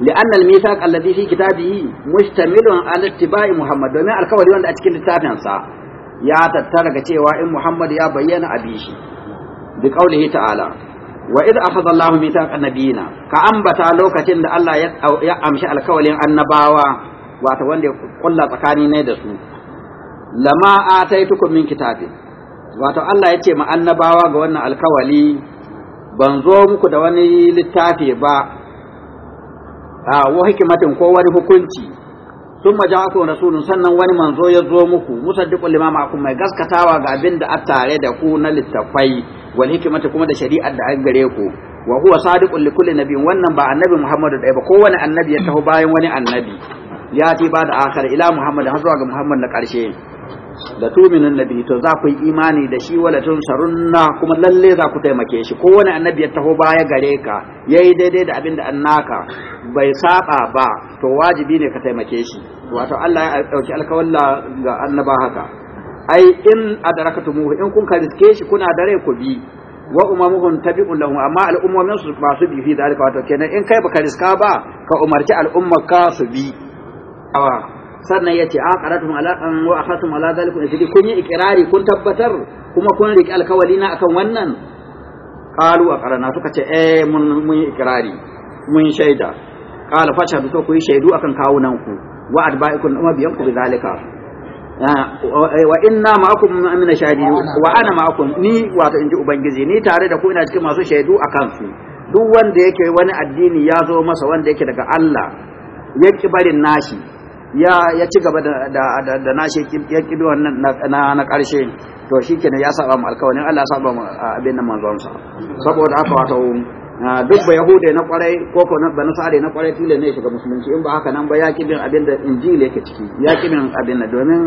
لأن الميثاق kitabi, في كتابه مشتمل على اتباع محمد domin alkawari wanda a cikin littafinsa ya tattara ga cewa in Muhammad ya bayyana abi shi bi qaulihi ta'ala wa id akhadha Allahu mithaqa nabiyina ka ambata lokacin da Allah ya amshi alkawalin annabawa wato wanda kulla tsakani ne da su lama ataitukum min kitabin wato Allah ya ce ma annabawa ga wannan alkawali ban zo muku da wani littafi ba wa hikimatin ko wani hukunci sun maja'akum rasulun sannan wani manzo ya zo muku musaddiqul lima ma'akum mai gaskatawa ga abin da a tare da ku na littafai wal hikimata kuma da shari'ar da an gare ku wa huwa sadiqul li kulli nabiyyin wannan ba annabi Muhammadu daya ba kowane annabi ya taho bayan wani annabi ya ti ba da akhir ila Muhammad har zuwa ga Muhammad na karshe da tuminun nabi to za ku yi imani da shi wala tun sarunna kuma lalle za ku taimake shi kowane annabi ya taho baya gare ka yayi daidai da abinda da annaka bai saba ba to wajibi ne ka taimake shi wato Allah ya dauki alkawalla ga annaba haka ai in adrakatumuhu in kun kariske shi kuna da rai ku bi wa umamuhum tabi'un lahu amma al'ummomin su ba su bi fi dalika wato kenan in kai baka riska ba ka umarci al'ummar ka su bi sannan ya ce aqaratum ah, ala an wa akhadtum ala zalikum isdi kun yi ikrari kun tabbatar kuma kun riƙe alkawali na akan wannan qalu aqarna suka ce eh mun mun yi ikrari mun shaida qala fa shahadu to ku yi shaidu akan kawunan ku wa adba'ikum mabiyanku bi zalika eh, wa inna ma'akum min shahidin wa ana ma'akum ni wato inji ubangiji ni tare da ku ina cikin masu shaidu a kansu duk wanda yake wani addini ya zo masa wanda yake daga Allah ya ki barin nashi ya ya ci gaba da da da na nashi ya kibi wannan na na na karshe to shikenan ya saba mu alkawarin Allah ya saba mu abin nan manzon sa saboda haka wato duk ba yahude na kwarai ko ko na bana sare na kwarai tile ne shiga musulunci in ba haka nan ba ya kibin abin da injili yake ciki ya kibin abin nan domin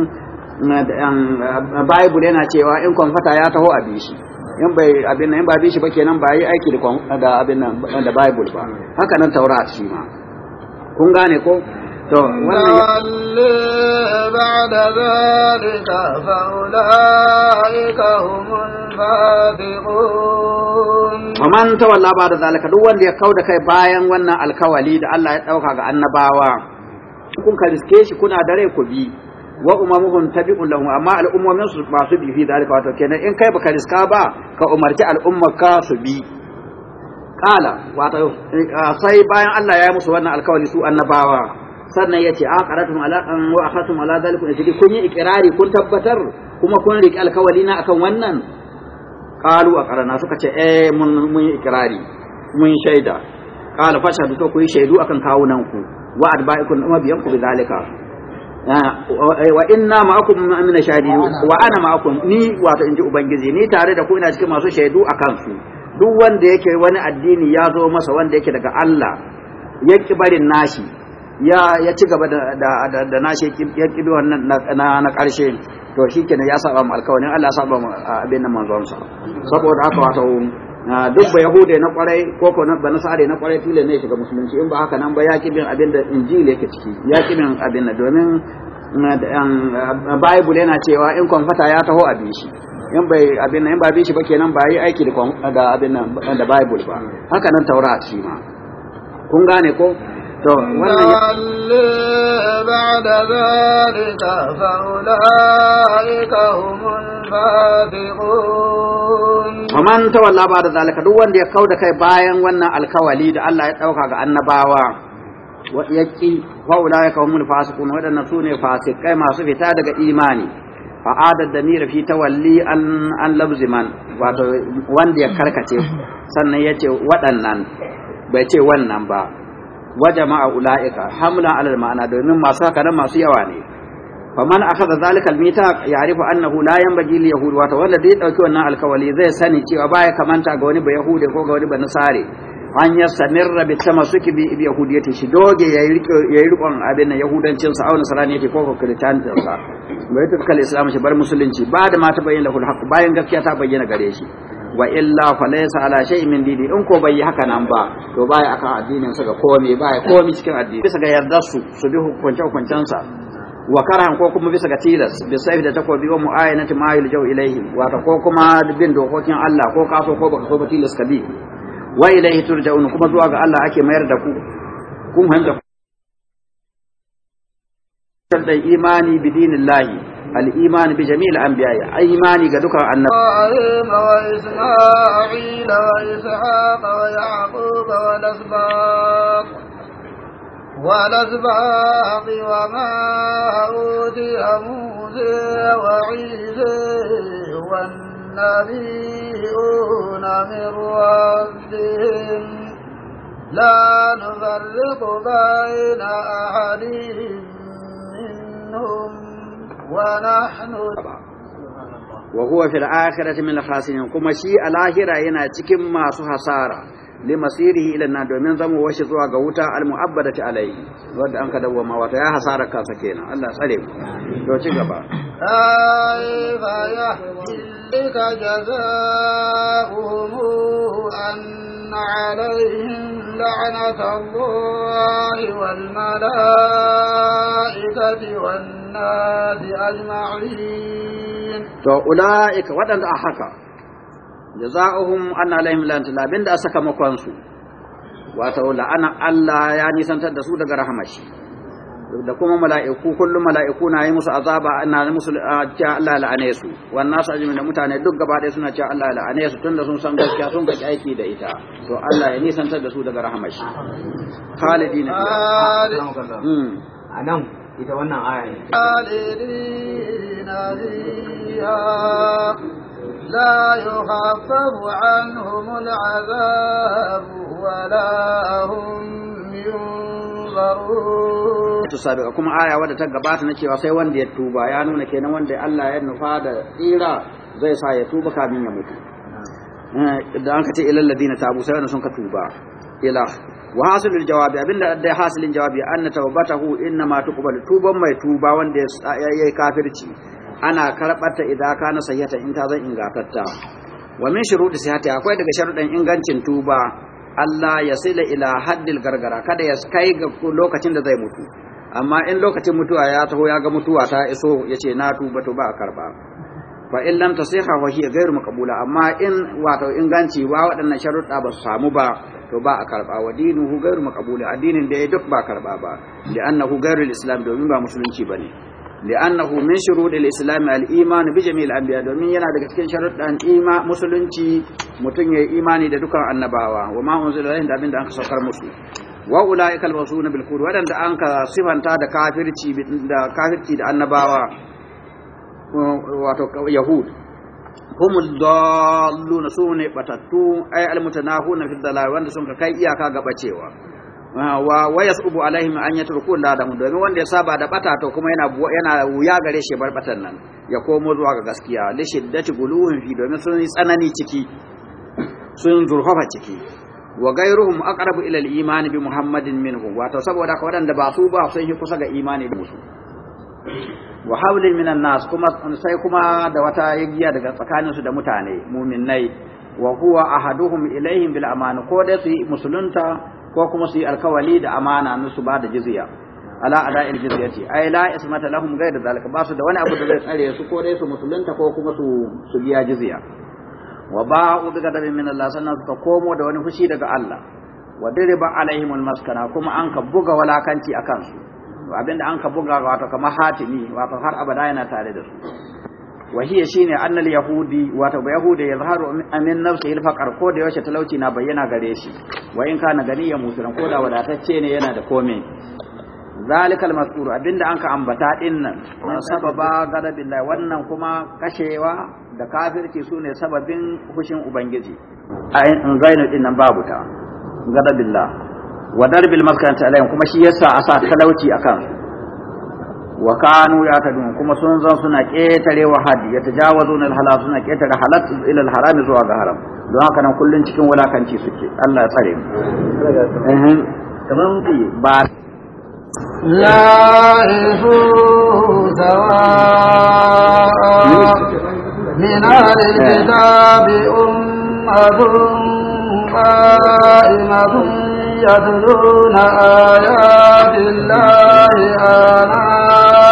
bible yana cewa in kwamfata ya taho a bishi in bai abin nan in ba bishi ba kenan ba yi aiki da abin nan da bible ba haka nan taurat shi ma kun gane ko تولي بعد ذلك فأولئك هم الفاسقون ومن تولى بعد ذلك duk wanda ya kauda kai bayan wannan alkawali da Allah ya dauka ga annabawa kun kariske shi kuna dare ku bi wa umamuhum tabi'un lahum amma al'ummomin su ba su bi fi dalika wato kenan in kai baka riska ba ka umarci al'ummar ka su bi kala wato eh, sai bayan Allah ya yi musu wannan alkawali su annabawa sannan yace a qaratum ala wa akhatum ala zalikum yace kun yi ikrari kun tabbatar kuma kun riƙe alkawali na akan wannan qalu karana suka ce eh mun mun yi ikrari mun shaida qala fashhadu to ku yi shaidu akan kawunan ku wa adba'ikum umabiyanku bizalika wa inna ma'akum min shahidin wa ana ma'akum ni wato inji ubangiji ni tare da ku ina cikin masu shaidu akan su duk wanda yake wani addini ya zo masa wanda yake daga Allah yake barin nashi ya ya ci gaba da da da na na na karshe to shi kenan ya saba mu alkawarin Allah ya saba mu abin nan sa saboda haka wato duk ba yahude na kwarai ko ko na sare na kwarai tile ne shiga musulunci in ba haka nan ba ya kibin abin da injili yake ciki ya kibin abin da domin bible yana cewa in kwamfata ya taho a bishi in bai abin nan in ba bishi ba kenan ba yi aiki da abin nan da bible ba haka nan taurat shi ma kun gane ko to wannan ba'da zalika fa ulaika humul fabiqun man tawalla duk wanda ya kauda kai bayan wannan alkawali da Allah ya dauka ga annabawa wa yaqi fa ulaika humul fasiqun wadannan sune fasikai masu fita daga imani fa'adar da nira fi tawalli an labzi man wato wanda ya karkace sannan ya bai ce wannan ba wa jama'a ulaika hamla alal ma'ana domin masu haka nan masu yawa ne faman akhadha zalika almitaq ya'rifu annahu la yanbaghi li yahud wa dauki wannan alkawali zai sani cewa baya kamanta ga wani ba yahudi ko ga wani ba nasare an yastanirra bi tamasuki bi yahudiyyati shi doge yayi rikon abin yahudancin sa auna sarani yake ko ko kristantin sa bai tukal islam shi bar musulunci ba da ma ta bayyana lahul haqq bayan gaskiya ta bayyana gare shi wa illa fa laysa ala shay'in min dini in ko bai yi haka nan ba to baya akan addinin sa ga komai baya komai cikin addini bisa ga yarda su su bi hukunce hukuncen sa wa karahan ko kuma bisa ga tilas bi sayfi da takobi wa mu'ayanati ma jaw ilayhi ta ko kuma bin dokokin Allah ko kaso ko baka so ba tilas ka bi wa ilayhi turja'un kuma zuwa ga Allah ake mayar da ku kun hanta da imani bi dinillahi. الإيمان بجميع الأنبياء إيماني قدك أن إبراهيم وإسماعيل وإسحاق ويعقوب والأسباط والأسباط وما أوتي موسى وعيسى والنبيون من ربهم لا نفرق بين أحد منهم ونحن wa huwa fil akhirati min al kuma shi a lahira yana cikin masu hasara li masirihi ila domin zama washi zuwa ga wuta al-mu'abbadati alayhi wanda an ka dawwama wata ya hasara kansa kenan Allah tsare mu to ci gaba ya الناس أجمعين فأولئك ودن أحكا جزاؤهم أن عليهم لأنت لا بند أسكا مكوانسو واتو لأنا ألا يعني سنتد سودة رحمشي da kuma mala'iku kullum mala'iku na yi musu azaba na yi musu cewa Allah la'ane su wannan su ajimin da mutane duk gaba ɗaya suna cewa Allah la'ane su tunda sun san gaskiya sun ga aiki da ita to Allah ya nisantar da su daga rahamashi khalidina hmm. a nan ita wannan aya ne qalilina fiha la yukhaffafu anhum al'azab wa la hum yunzarun to sabi kuma aya wadda ta gabata na cewa sai wanda ya tuba ya nuna kenan wanda Allah ya nufa da tsira zai sa ya tuba kafin ya mutu eh, da an ka ce ilal ladina tabu sai wanda sun ka tuba ila wa hasilul jawabi abinda da hasilin jawabi anna tawbatahu innama tuqbalu tuba mai tuba wanda ya yayi kafirci ana karbata idan kana sayyata in ta zan ingatatta wa min shuruɗi sihati akwai daga sharuɗan ingancin tuba Allah ya sila ila haddil gargara kada ya kai ga lokacin da zai mutu amma in lokacin mutuwa ya taho ya ga mutuwa ta iso ya ce na tuba to ba a karba fa in lam tasiha wa hiya ghairu maqbula amma in wato inganci ba waɗannan sharuɗa ba su samu ba to ba a karba wa dinuhu gairu maqbul addinin da ya duk ba karba ba li'annahu gairu al-islam domin ba musulunci bane li'annahu min shurudil islam al-iman bi jami'il anbiya domin yana daga cikin sharuɗan ima musulunci mutum ya imani da dukan annabawa wa ma unzila ilayhim da abinda an saukar musu wa ulaika al-mawsuna bil qur wadanda an ka sifanta da kafirci da kafirci da annabawa wato yahud humul dalluna su ne batattu ay almutanahuna fi dalal wanda sun kai iyaka ga bacewa wa wayas ubu alaihim an yatruku la da domin wanda ya saba da bata to kuma yana yana wuya gare shi bar batan nan ya komo zuwa ga gaskiya li shiddati guluhin fi domin sun yi tsanani ciki sun zurfafa ciki wa gairuhum aqrabu ila al-iman bi muhammadin minhum wato saboda ka wadanda ba su ba sun yi kusa ga imani da musu wa haulin minan nas kuma sai kuma da wata yagiya daga tsakanin su da mutane muminai wa huwa ahaduhum ilaihim bil amana ko dai su yi musulunta ko kuma su yi alkawali da amana na su ba da jizya ala ada'il jizyati ay la ismata lahum ghayra dhalika ba su da wani abu da zai tsare su ko dai su musulunta ko kuma su su biya jizya wa ba'u daga da min Allah sannan suka komo da wani fushi daga Allah wa diriba alaihim al maskana kuma an ka buga walakanci akan su abinda an ka buga wato kamar hatimi wato har abada yana tare da su wa shine annal yahudi wato ba yahudi yazharu amin nafsi il faqar ko da yaushe talauci na bayyana gare shi wa in kana ya musulun ko da wadatacce ne yana da komai zalikal المذكور abinda anka ambata din nan sababa gadabillahi wannan kuma kashewa da kafirci sune sababin hushin ubangiji a zainu din nan babu ta gadabillah wa darbil maskanata alayhim kuma shi yasa a sa talauci akan su wa kanu yatadun kuma sun zan suna ketare wa hadi yatajawazuna al-halal suna ketare halal ila al-haram zuwa ga haram don haka nan kullun cikin wulakanci suke Allah ya tsare mu eh kaman ki ba la ifu sawa min al-kitabi ummatun qa'imatun يتلون آيات الله آناء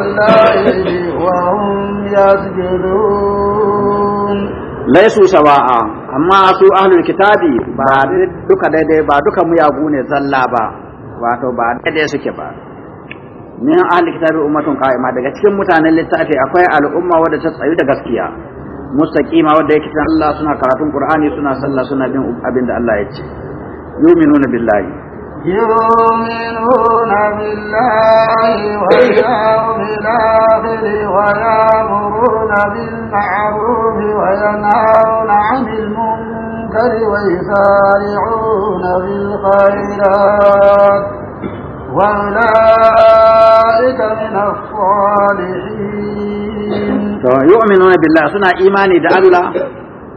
الليل وهم يسجدون ليسوا سواء amma su ahlul kitabi ba duka daidai ba duka muyagu ne zalla ba wato ba daidai suke ba min ahlul kitabi ummatun qa'ima daga cikin mutanen littafi akwai al'umma wadda ta tsayu da gaskiya mustaqima wadda yake san Allah suna karatun Qur'ani suna sallah suna bin abin da Allah ya ce يؤمنون بالله يؤمنون بالله واليوم الآخر ويأمرون بالمعروف وينهون عن المنكر ويسارعون بالخيرات وأولئك من الصالحين يؤمنون بالله سنة إيماني دعا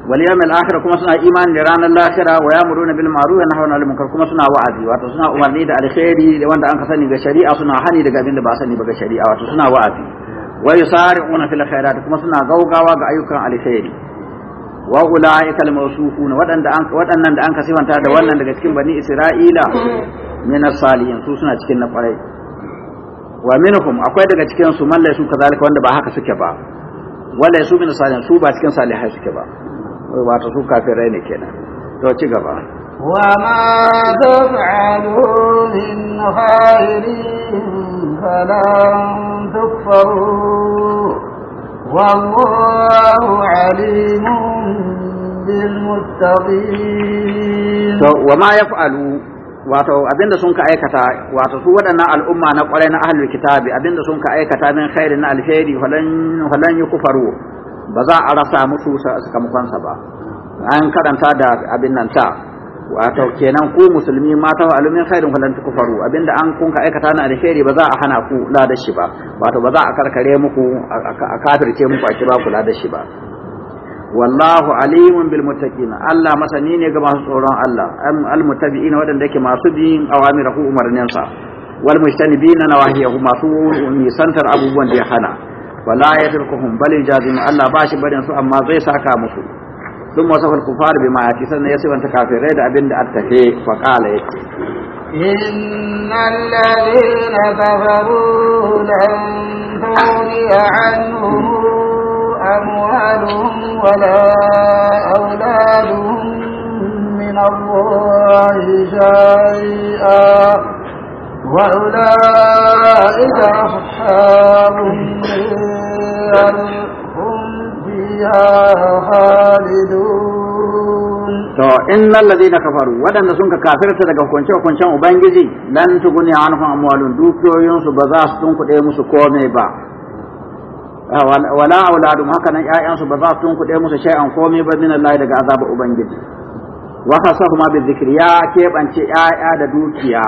wal yawmil akhir kuma suna imani da ranar lahira wa yamuruna bil ma'ruf wa nahwana 'anil munkar kuma suna wa'azi wato suna umarni da alkhairi da wanda an ka sani ga shari'a suna hani daga abin da ba sani ba ga shari'a wato suna wa'azi wa yusari'una fil khairat kuma suna gaugawa ga ayyukan alkhairi wa ulaika al wadanda an wadannan da an ka sifanta da wannan daga cikin bani isra'ila min as-salihin su suna cikin na kwarai wa minhum akwai daga cikin su mallai su kazalika wanda ba haka suke ba wallai su min salihin su ba cikin salihai suke ba wato su kafirai ne kenan to ci gaba وما تفعلوا من خير فلن تكفروا والله to بالمتقين وما يفعلوا wato abinda sun ka aikata wato su waɗannan al'umma na ƙwarai na ahlul kitabi abinda sun ka aikata min khairin alheri falan falan yukufaru ba za a rasa musu sakamakonsa ba an karanta da abin nan ta wato kenan ku musulmi mata ta alumin khairin falan kufaru abinda an kun ka aikata na alheri ba za a hana ku la shi ba wato ba za a karkare muku a kafirce muku a kira ku la da shi ba wallahu alimun bil muttaqin Allah masani ne ga masu tsoron Allah al muttabi'in wadanda yake masu bin awamirahu umarninsa wal mujtanibina nawahiyahu masu nisantar abubuwan da ya hana wala yadrukuhum bal yajazim Allah ba shi barin su amma zai saka musu dun wasu kufar bima yati sannan ya sifanta kafirai da abin da attafe fa qala yake innal ladina kafaru lan anhum amwaluhum wala auladuhum min Allah shay'a وأولئك أصحاب النار هم فيها خالدون to innal ladina kafaru waɗanda sun ka kafirta daga hukunce hukuncen ubangiji lan tuguni anhum amwalun dukiyoyin dukiyoyinsu ba za su tunkuɗe musu komai ba ah, wala auladum haka nan ƴaƴan su ba za su tunkuɗe musu shay'an komai ba min Allah daga azabar ubangiji wa kuma bi dhikri ya keɓance 'ya'ya da dukiya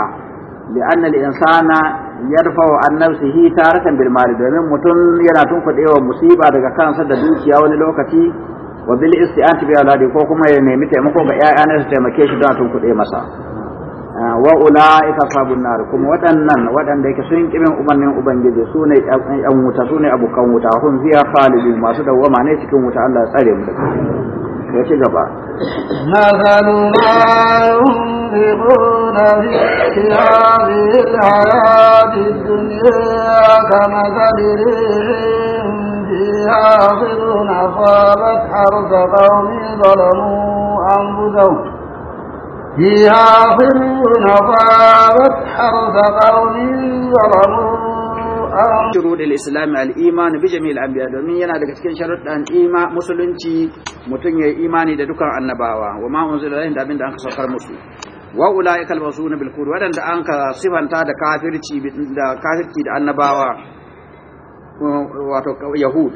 li anna al insana yarfa wa annabsi hi tarakan bil mali domin mutum yana wa musiba daga kansa da dukiya wani lokaci wa bil isti'anti bi aladi ko kuma ya nemi taimako ga ƴaƴa su taimake shi don a tunkuɗe masa wa ula'ika sabun nar kuma waɗannan waɗanda yake sun kibin umarnin ubangiji su ne ƴan wuta su ne abokan wuta hun fiya khalidu masu dawwama ne cikin wuta Allah ya tsare mu ya ci gaba مثل ما ينفقون في هذه الحياة الدنيا كمثل ريح فيها صر أصابت حرث قوم ظلموا أنفسهم فيها صر أصابت حرث قوم ظلموا shurudul islam al-iman bi jami'il anbiya domin yana daga cikin sharuɗan ima musulunci mutum yayi imani da dukan annabawa wa ma unzila ilayhim da abin da an saukar musu wa ulaika al-mawsuuna bil kufr an ka sifanta da kafirci da kafirci da annabawa wato yahud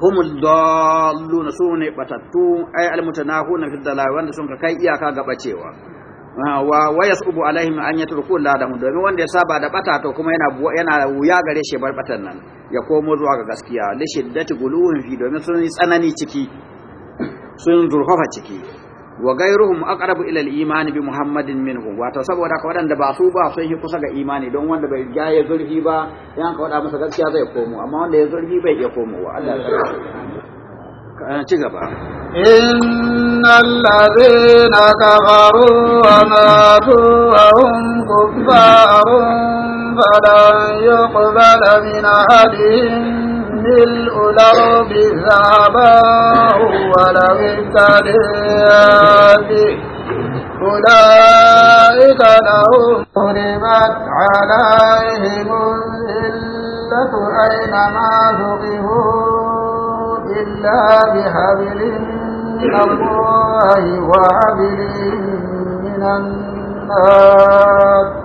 hum dalluna sunne batattu ay al-mutanahuna fi dalal wanda sun ka kai iyaka ga bacewa Ah, wa wa yasubu alaihim an yatruku ladan domin wanda ya saba da bata to kuma yana yana wuya gare shi bar batan nan ya komo zuwa ga gaskiya li shiddati guluhin fi domin sun yi tsanani ciki sun zurfafa ciki wa gairuhum aqrabu ila al-iman bi muhammadin minhum wato saboda ka wadanda ba su ba sun yi kusa ga imani don wanda bai ga ya zurfi ba yan ka wada masa gaskiya zai komo amma wanda ya zurfi bai komo wa Allah ya eh, ci gaba الذين كفروا وماتوا وهم كفار فلن يقبل من أحدهم ملء الأرض ذهبا ولو ابتلي أولئك لهم حرمت عليهم الذلة أينما ثقفوا إلا بحبل الله وعدل من النار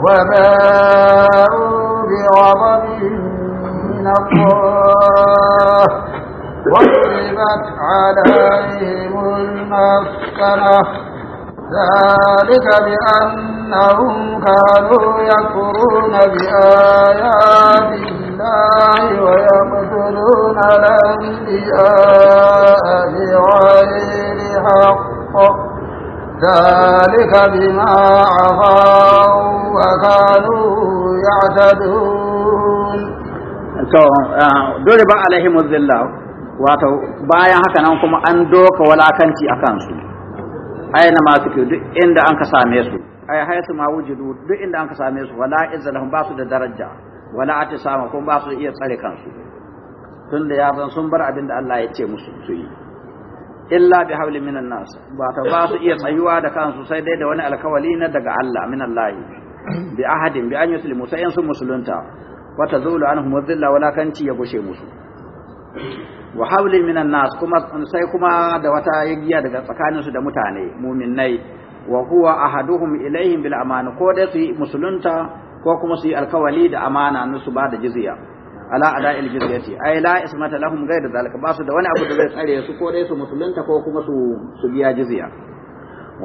وباءوا بغضب من الله وضربت عليهم المسكنه ذلك بأنهم كانوا يكفرون بآيات الله ويقتلون الأنبياء بغير حق ذلك بما عصوا وكانوا يعتدون to dole ba alaihim zilla wato bayan haka nan kuma an doka walakanci a kansu aina ma suke duk inda an ka same su ai haisu ma wujudu duk inda an ka same su wala izza lahum ba su da daraja wala atisama kun ba su iya tsare kansu tunda ya zan sun bar abin da Allah ya ce musu su yi illa bi hawli minan nas ba ta ba su iya tsayuwa da kansu sai dai da wani alkawali na daga Allah min Allah bi ahadin bi an yuslimu sai sun musulunta wata zulu anhum dhilla wala kanti ya gushe musu wa haulin minan nas kuma sai kuma da wata yagiya daga tsakaninsu da mutane muminai wa huwa ahaduhum ilaihim bil amana ko dai su musulunta ko kuma su yi alkawali da amana na su ba da jizya ala ada il jizyati ay la ismata lahum ghayra zalika ba su da wani abu da zai tsare su ko dai su musulunta ko kuma su su biya jizya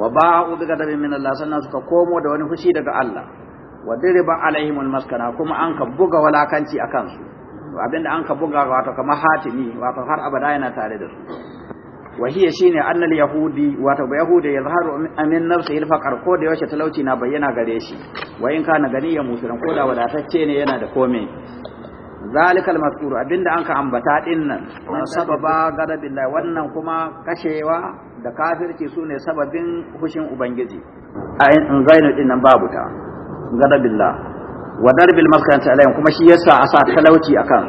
wa ba'u daga dabi min Allah sannan suka komo da wani fushi daga Allah wa diriba alaihimul maskana kuma an ka buga walakanci akan su abinda an ka buga wato kamar hatimi wato har abada yana tare da su wa hiya shine annal yahudi wato ba yahudi zaharu amin nafsi il faqar ko da yaushe talauci na bayyana gare shi wa in gani ya musulun ko da wadatacce ne yana da komai zalikal masuru abinda an ka ambata din nan sababa billahi wannan kuma kashewa da kafirci sune sababin hushin ubangiji a in zainu din nan babu ta billahi wa darbil ta alaihim kuma shi yasa a sa talauci akan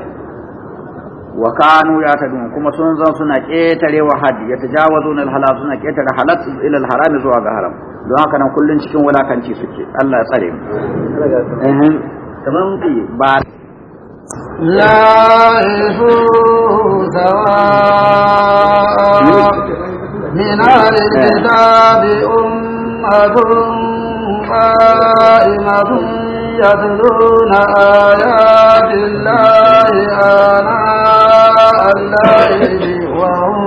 wa kanu ya yatadun kuma sun zan suna ketare wa Ya yatajawazun al halal suna ketare halal ila al haram zuwa ga haram don haka nan kullun cikin wulakanci suke Allah ya tsare mu eh kaman ba la من أهل الكتاب أمة قائمة يتلون آيات الله آناء الليل وهم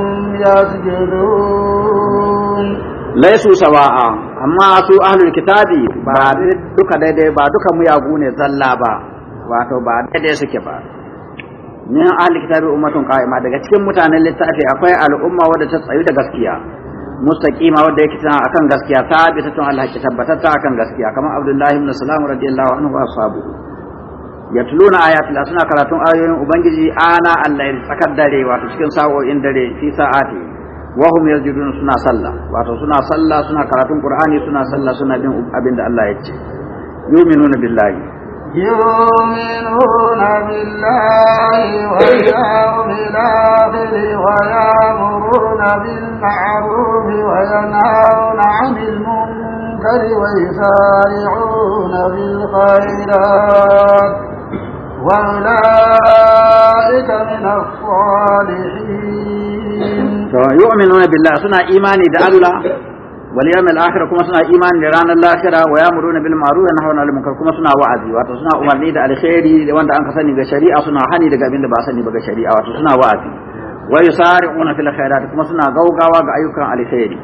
يسجدون ليسوا سواء أما su أهل الكتاب بعد duka ديدي بعد duka ميابون ne zalla ba wato ba daidai suke ba min ahlul kitabi ummatun qa'ima daga cikin mutanen littafi akwai al'umma wadda ta tsayu da gaskiya mustaqima wanda yake tana akan gaskiya ta ta tun Allah ki tabbatata akan gaskiya kamar Abdullahi ibn Salam radiyallahu anhu wa ashabu na ayatil suna karatun ayoyin ubangiji ana Allah tsakar dare wato cikin sa'o'in dare fi sa'ati wa hum yasjudun suna sallah wato suna sallah suna karatun qur'ani suna sallah suna bin abinda Allah ya ce yu'minuna billahi يؤمنون بالله واليوم الآخر ويأمرون بالمعروف وينهون عن المنكر ويسارعون بالخيرات وأولئك من الصالحين يؤمنون بالله سنة إيماني ده الله wal yawmil akhir kuma suna imani da ranar lahira wa ya'muruna bil ma'ruf wa nahawna 'anil munkar kuma suna wa'azi wato suna umarni da alkhairi wanda an ka sani ga shari'a suna hani daga abin da ba sani ba ga shari'a wato suna wa'azi wa yusari'una fil khairat kuma suna gaugawa ga ayyukan alkhairi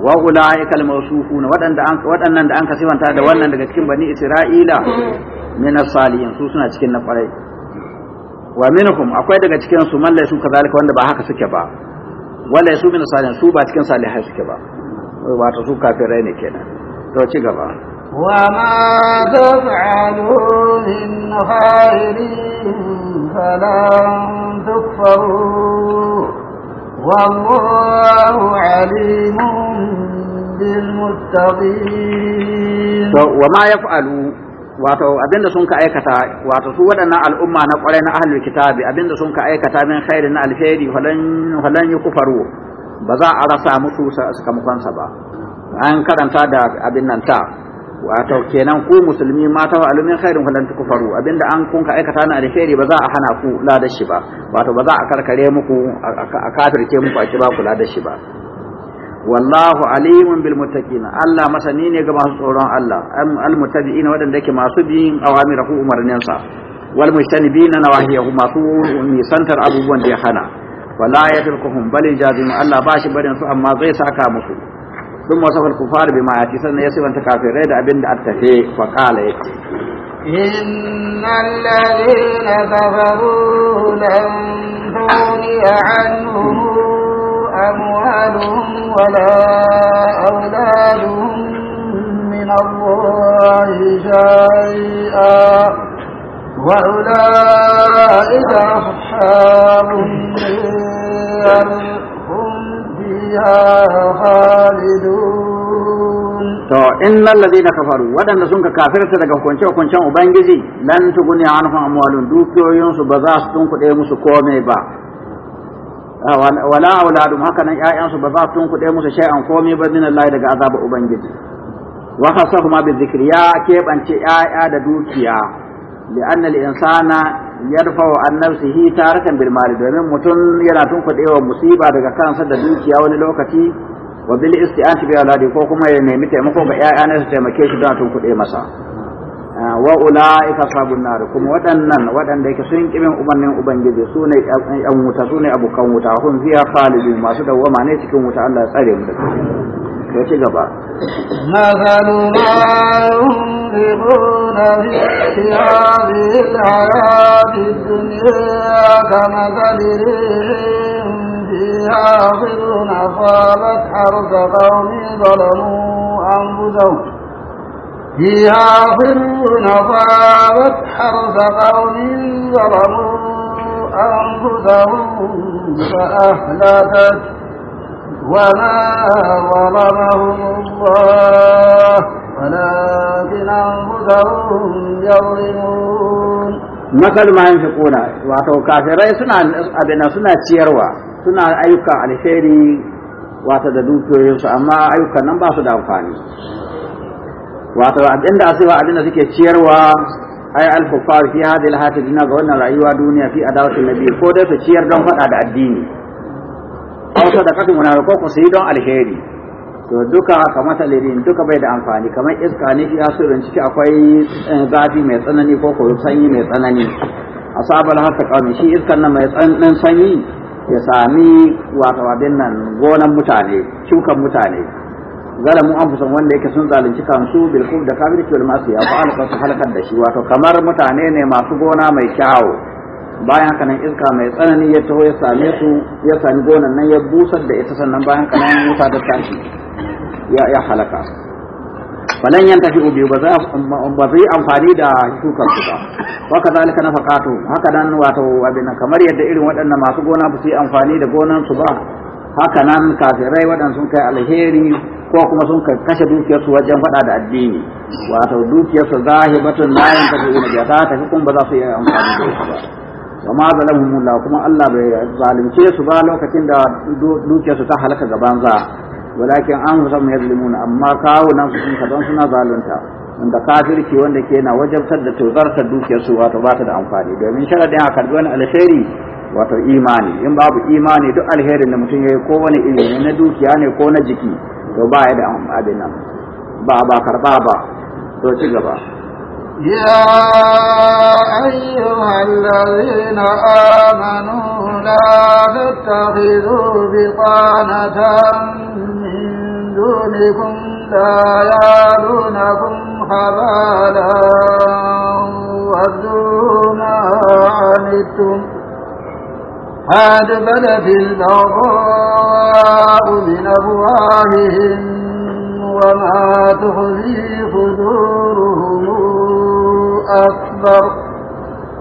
wa ulaika al mawsufuna wadanda an wadannan da an ka sifanta da wannan daga cikin bani isra'ila min as-salihin su suna cikin na kwarai wa minhum akwai daga cikin su mallai su kazalika wanda ba haka suke ba wala su min salihin su ba cikin salihai suke ba wato su kafirai ne kenan to ci gaba وما تفعلوا من خير فلن bil والله عليم بالمتقين وما يفعلوا wato abinda sun ka aikata wato su waɗannan al'umma na ƙwarai na ahlul kitabi abinda sun ka aikata min khairin alheri falan falan yukufaru ba za a rasa musu sakamakonsa ba an karanta da abin nan ta wato kenan ku musulmi mata wa alumin khairin ku faru abinda an kun ka aikata na alheri ba za a hana ku lada shi ba wato ba za a karkare muku a kafirce muku a kiba ku lada shi ba wallahu alimun bil muttaqin Allah masani ne ga masu tsoron Allah al muttabi'in wadanda ke masu bin awamirahu umarninsa wal mujtanibina nawahiyahu masu nisantar abubuwan da ya hana ولا يتركهم بل يجازم الله باش بدن سو اما زي ساكا مسو ثم وصف الكفار بما ياتي سن يسو انت كافر ده ابين ده اتفي فقال إيه؟ ان الذين كفروا لن تغني عنهم اموالهم ولا اولادهم من الله شيئا واولئك اصحاب هم فيها خالدون to inna alladhina kafaru wadanda sun ka kafirta daga hukunce hukuncen ubangiji lan tuguni anhum amwalun dukiyoyin su ba za su tunkuɗe musu komai ba ah, wala auladum haka nan ƴaƴan su ba za su tunkuɗe musu shay'an komai ba min Allah daga azaba ubangiji wa hasahuma bi dhikri ya keɓance ƴaƴa da dukiya li anna al insana yarfa'u annabsi hi tarakan bil mali domin mutum yana tunkuɗewa musiba daga kansa da dukiya wani lokaci wa bil isti'anti bi aladi ko kuma ya nemi taimako ga ƴaƴa su taimake shi don tunkuɗe masa Eh, wa ula'ika sabun nar kuma waɗannan waɗanda yake sun kibin ubannin ubangiji su ne yan wuta su ne abokan wuta hun ziya khalidun masu dawwama ne cikin wuta Allah ya tsare mu da ya ci gaba masalu ma yunfiquna fi hadhihi al-hayati dunya kama qalilin fiha khirun asabat qawmi zalamu anfusahum فيها ظل فاوت حرث قوم ظلموا أنفسهم فأهلكت وما ظلمهم الله ولكن أنفسهم يظلمون مثل ما ينفقون واتو كافرين سنة أبنا سنة تيروا سنة أيوكا على خيري wata da dukiyoyinsu amma ayyukan nan ba su da amfani wato abinda asiba abinda suke ciyarwa ai al-kuffar fi hadi al ga wannan rayuwa duniya fi na nabi ko dai su ciyar don fada da addini da kafin munafiki ko ku sai don alheri to duka kamar talibin duka bai da amfani kamar iska ne fi asirin ciki akwai eh, zafi mai tsanani ko ko sanyi mai tsanani asabal hasa kawai shi iskan nan mai tsanani sanyi ya sami wato abin nan gonan mutane shukan mutane zalamu anfusahum wanda yake sun zalunci kansu bil kufr da kafirci wal ma'siya ya alqa su halakar da shi wato kamar mutane ne masu gona mai kyawu bayan haka iska mai tsanani ya taho ya same su ya sami gonan nan ya busar da ita sannan bayan haka nan wuta ta tashi ya ya halaka falan fi ubi ba za ba zai amfani da shukar su ba wa kazalika nafaqatu haka nan wato abin kamar yadda irin waɗannan masu gona ba su yi amfani da gonan su ba haka nan kafirai waɗanda sun kai alheri ko kuma sun kai kashe dukiyarsu wajen faɗa da addini wato dukiyarsu zahibatun da yantafi'una biha ta tafi kuma ba za su iya amfani da ita ba wa ma zalamu kuma Allah bai zalunce su ba lokacin da dukiyarsu ta halaka gaban za walakin an musamman yazlimuna amma kawo nan su suna zalunta da kafirci wanda ke na wajabtar da tozartar dukiyarsu wato ba ta da amfani domin sharadin a karbi wani alheri wato imani in babu imani duk alherin da mutum ya yi ko wani ilimi na dukiya ne ko na jiki to ba ya da amfani nan ba ba karba ba to ci gaba يا أيها الذين آمنوا لا تتخذوا بطانة من دونكم لا حبالا خبالا ما عنتم قد بدت البغاء من ابواهم وما تخفي صدورهم أكبر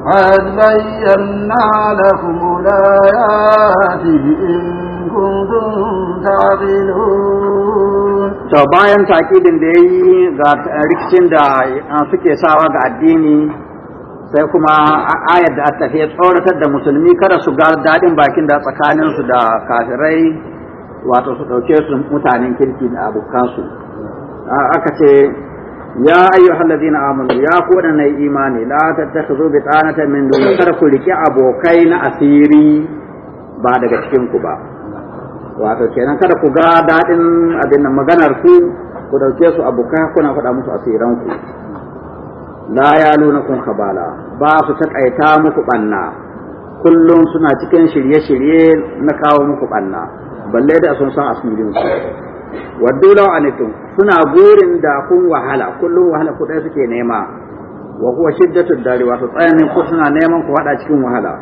قد بينا لكم الآيات إن كنتم تعقلون to bayan takidin da ya yi ga rikicin da suke sawa ga addini sai kuma ayar da fiye tsoratar da musulmi kada su ga daɗin bakin da tsakaninsu da kafirai wato su ɗauke su mutanen kirki da abokansu aka ce ya ayyuhal na amanu ya ku na imani la tattakhudhu bi tsanata min dun kada ku riƙe abokai na asiri ba daga cikin ku ba wato kenan kada ku ga daɗin abin nan maganar su ku ɗauke su abokai kuna faɗa musu asiran ku la ya nuna kun kabala ba su taƙaita muku ɓanna kullum suna cikin shirye-shirye na kawo muku ɓanna balle da sun san asirin su waddu law anitum suna burin da kun wahala kullum wahala ku suke nema wa kuwa shiddatu dari wato tsayanin ku suna neman ku faɗa cikin wahala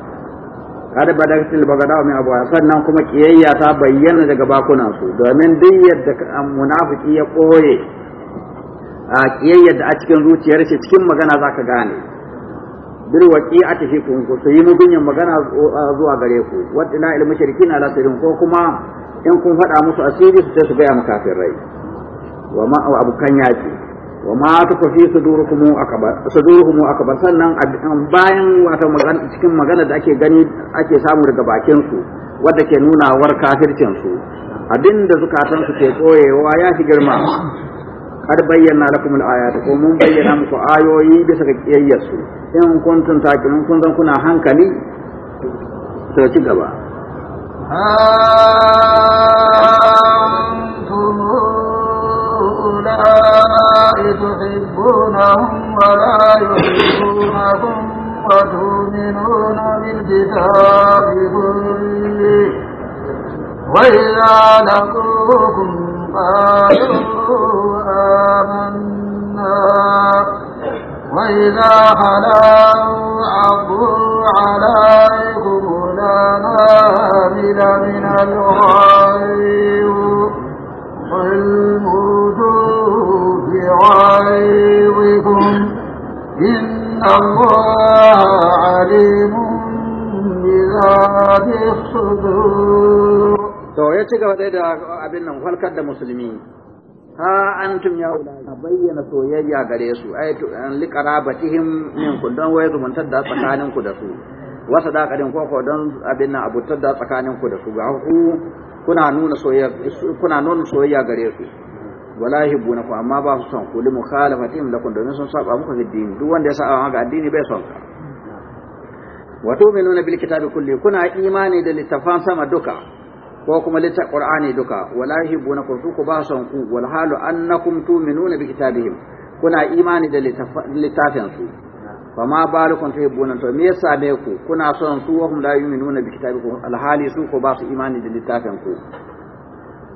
har badaktil bagadaw mai abuwa sannan kuma kiyayya ta bayyana daga bakuna su domin duk yadda munafiki ya koye a kiyayya da a cikin zuciyar shi cikin magana za ka gane bil waqi'ati fi ku su yi mugunyin magana zuwa gare ku wadda na ilmi na la ko kuma in kun faɗa musu asiri su sai su gaya rai wa ma abu kan yaki wa ma tukfi sudurukum akbar sudurukum akbar sannan bayan wata magana cikin magana da ake gani ake samu daga bakin su wanda ke nuna war kafircin su abinda zukatan su ke koyewa ya fi girma kad bayyana lakum kuma ko mun bayyana muku ayoyi bisa ga kiyayyar su in kuntum taqilun kun zan kuna hankali to ci gaba هؤلاء تحبونهم ولا يحبونكم وتؤمنون بالكتاب كله وإذا لقوكم قالوا آمنا وإذا خلوا عضوا عليكم الأنامل من الغيظ الموجود بعيظكم إن الله عليم بذات الصدور to ya ci gaba da abin nan falkar da musulmi ha antum ya bayyana soyayya gare su Ai to an liqarabatihim min kun don waye zumuntar da tsakanin ku da su wasa da kadin ko ko don abin nan abutar da tsakanin ku da su ga ku kuna nuna soyayya kuna nuna soyayya gare su wala yuhibbunakum amma ba su son ku limu khalafatihim lakum domin sun saba muku addini duk wanda ya saba maka addini bai son ka wa tu'minuna bil kitabi kulli kuna imani da littafan sama duka ko kuma litta qur'ani duka wala yuhibbunakum su ku ba son ku wal halu annakum tu'minuna bi kitabihim kuna imani da littafin su fa ma balukum tuhibbuna to me yasa me ku kuna son su wa hum la yu'minuna bi kitabikum alhali su ko ba su imani da littafin ku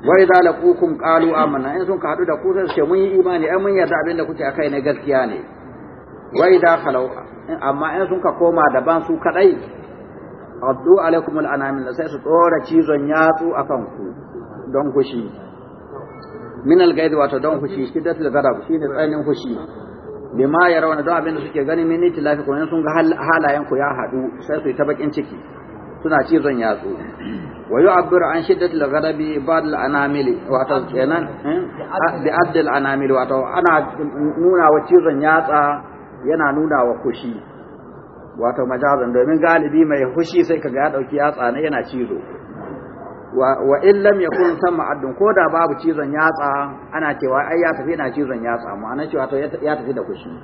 wa idza laqukum qalu amanna in sun ka hadu da ku sai su ce mun yi imani ai mun yarda abin da kuke akai na gaskiya ne wa idza khalau amma in sun ka koma daban su kadai addu alaikum al'anamin sai su tsora cizon yatsu akan ku don kushi min al-gaid wato don kushi shiddatul ghadab shine tsanin kushi bima ya rauna don abin da suke gani min itilafi kuma sun ga halayen ku ya haɗu sai su yi ta bakin ciki suna cizon yatsu wa abdur an shiddat al-ghadabi ba'd al-anamil wato kenan eh, bi addal al-anamil wato ana nuna wa cizon yatsa yana nuna wa kushi wato majazan domin galibi mai hushi sai kaga ya dauki yatsa ne yana cizo wa in lam yakun sama addun ko da babu cizon yatsa ana cewa ai ya tafi na cizon yatsa mu ana cewa to ya tafi da kushin.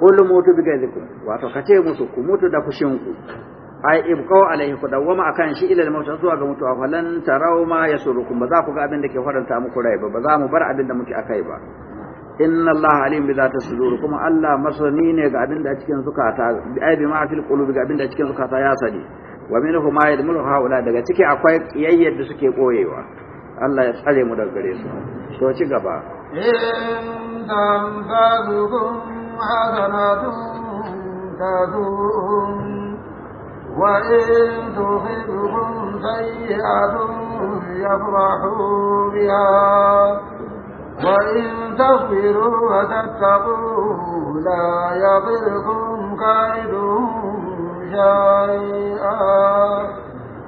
kullu mutu bi gaizikum wato kace musu ku mutu da kushin ku ai ibqau alaihi ku dawama akan shi ila mauta zuwa ga mutuwa falan tarau ma yasurukum ba za ku ga abin da ke faranta muku rai ba ba za mu bar abin da muke akai ba inna allaha alim bi zati sudur kuma allah masani ne ga abin da a cikin zukata ai bi ma fil qulubi ga abin da cikin zukata ya sani wa minhu ma yadmuru haula daga ciki akwai kiyayyar da suke koyewa Allah ya tsare mu daga gare su to ci gaba in tanfadukum hasanatun tadun wa in tuhibukum sayyi'atun yafrahu biha وإن تصبروا وتتقوا لا يضركم كائدهم شيئا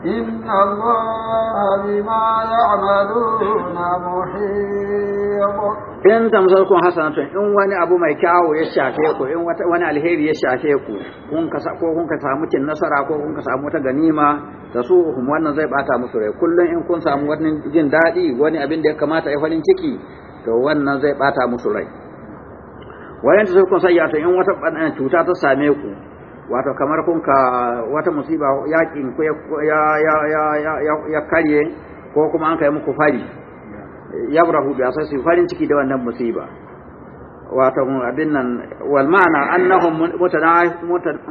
إن الله بما يعملون محيط in hasana hasanatu in wani abu mai kyawo ya shafe ku in wani alheri ya shafe ku ko kun ka samu cin nasara ko kun ka samu ta ganima da su wannan zai bata musu rai Kullum in kun samu wani jin daɗi wani abin da ya kamata ya farin ciki to wannan zai bata musu rai wayan da kun sayyata in wata cuta ta same ku wato kamar kun ka wata musiba yakin ku ya ya ya ya ko kuma an kai muku fari yabrahu bi asasi farin ciki da wannan musiba wato abin nan wal ma'ana annahum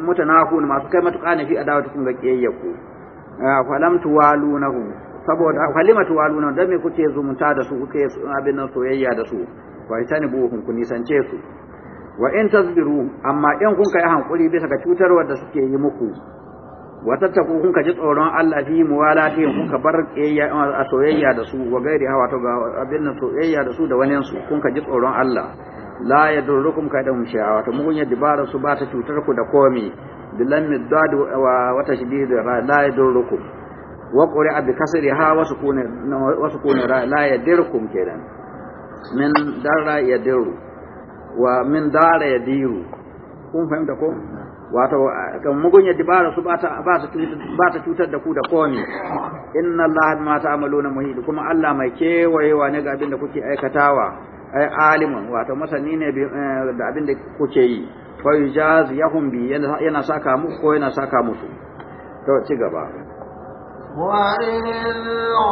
mutanahun masu kai matuƙa ne fi kun ga kiyayyaku falam tuwalunahu saboda falima tuwalunahu dan me kuke zumunta da su kuke abin nan soyayya da su fa buhun kun nisance su wa in tasbiru amma in kun kai hankuri bisa ga cutarwar da suke yi muku wa tattaku kun ka ji tsoron Allah fi muwalati kun ka bar a soyayya da su wa gairi hawa to ga abin nan soyayya da su da wani su kun ka ji tsoron Allah la yadurrukum kaidahum shay'a wato mugun yadda bara su ba ta cutar ku da komi bilan middad wa tashdid la yadurrukum wa abi kasri ha wasu sukun wasu sukun la yadurrukum kenan min darra yadurrukum wa min dara ya diru kun fahimta ko wato kan eh, mugunya dibara su ba ta cutar da ku da komi inna allaha ma ta'maluna muhid kuma Allah mai kewayewa ne ga abin da kuke aikatawa ai alimun wato masani ne eh, da abin da kuke yi fa yajaz yahum bi yana saka muku ko yana saka musu to ci gaba وإن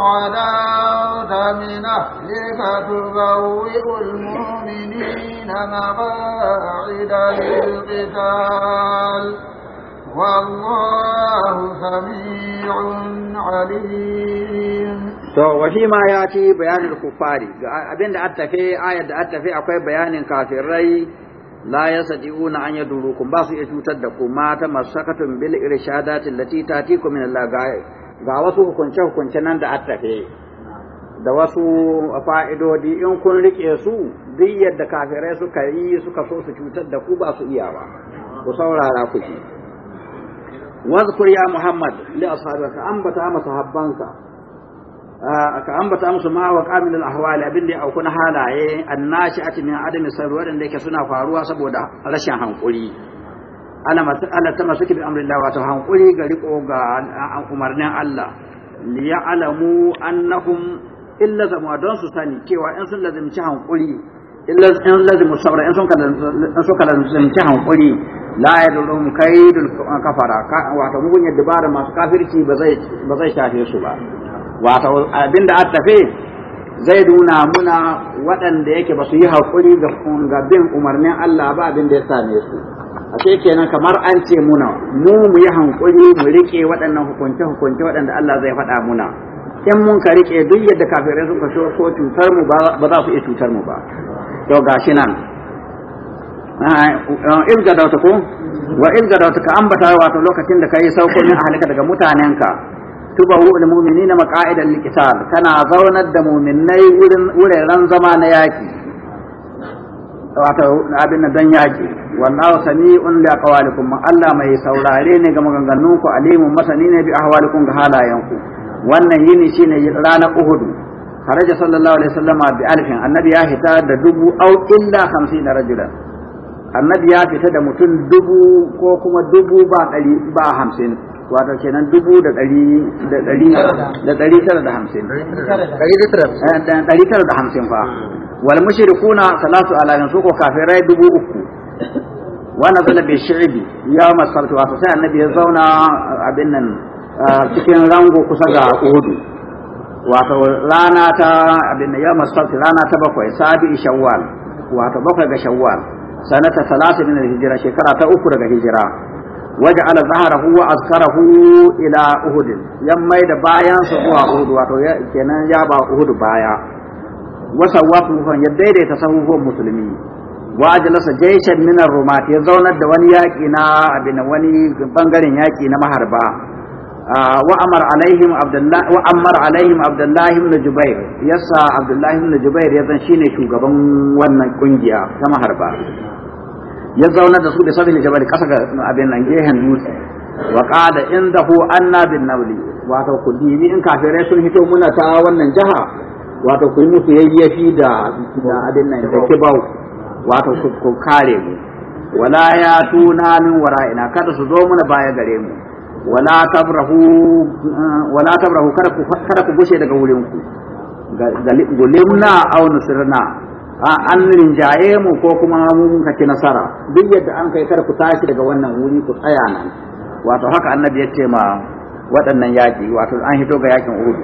غدوت من أهلك تبوئ المؤمنين مقاعد للقتال والله سميع عليم to wa shi ma ya ci bayanin kufari abin da attafe ayar da attafe akwai bayanin kafirai la yasdiuna an yadurukum ba su iya cutar da ku ma ta masakatun bil irshadati allati tatikum min Allah ga wasu hukunce-hukunce nan da attafe da wasu fa'idodi in kun rike su duk yadda kafirai suka yi suka so su cutar da ku ba su iya ba ku saurara ku ji wazkur ya muhammad li ashabika ambata masa habbanka ah, ka ambata musu ma wa qamil al ahwal abin da aukuna halaye annashi min adami sarwar da yake suna faruwa saboda rashin hankuri ala ta masu kibi amrin lawa ta hankuri ga riko ga umarnin Allah liya alamu annahum illa zama don su sani cewa in sun lazimci hankuri illa in lazimu sabra in sun lazimci hankuri la ya dulum kaidul kafara wato mugun yadda bara masu kafirci ba zai ba zai shafe su ba wato abinda a tafe zai nuna muna waɗanda yake ba su yi haƙuri ga bin umarnin Allah ba abin da ya same su ashe kenan kamar an ce muna mu mu yi hankuri mu rike waɗannan hukunce hukunce waɗanda Allah zai faɗa muna in mun ka rike duk yadda kafirai suka so ko cutar mu ba za su iya cutar mu ba to gashi nan ah, in da ku? wa in gadauta ka ambata wato lokacin da kai saukon min ahlika daga mutanenka tubahu lil mu'minina maqa'idan liqital kana zaunar da mu'minai wurin wuraren zama na yaki wato abin nan dan yaki wallahu sami'un li aqwalikum Allah mai saurare ne ga maganganun ku alimun masani ne bi ahwalikum ga halayen ku wannan yini shine ranar Uhud Haraja sallallahu alaihi wasallam bi alfin annabi ya fita da dubu au illa 50 rajulan annabi ya fita da mutum dubu ko kuma dubu ba dari ba 50 wato kenan dubu da dari da dari da dari tara da hamsin dari eh, tara da hamsin fa hmm. wal mushrikuna salatu ala su ko kafirai dubu uku wana zala bi shi'bi ya sabti wa sai annabi ya zauna abin nan cikin rango kusa ga uhudu wato rana ta abin nan ya sabti rana ta bakwai sabi shawwal wato bakwai ga shawwal sanata salatu min hijira shekara ta uku daga hijira waja'ala zaharahu wa azkarahu ila uhud yammai da bayan su zuwa uhud wato kenan ya ba uhud baya wa sawwafuhum ya daidaita sahuhun musulmi wa ajlasa jayshan min ar-rumat ya zaunar da wani yaƙi na abin wani bangaren yaƙi na maharba ah, wa amar alaihim Abdullahi wa amar alaihim abdullah ibn jubair yasa abdullah ibn jubair yazan shine shugaban wannan kungiya ta maharba ya zaunar da su da sabil jabal kasa ga abin nan gehen dutse wa qala indahu anna bin nawli wato kudibi in kafirai sun hito muna ta wannan jaha wato ku yi musu yayyafi da da abin nan da kibau wato ku kare mu wala ya tuna min wara'ina kada su zo mana baya gare mu wala tabrahu eh, wala tabrahu kada ku kada ku gushe daga wurin ku gulimna aw a an rinjaye mu ko kuma mun ka ci nasara duk yadda an kai kada ku tashi daga wannan wuri ku tsaya nan wato haka annabi ya ce ma waɗannan yaƙi wato an hito ga yakin uhudu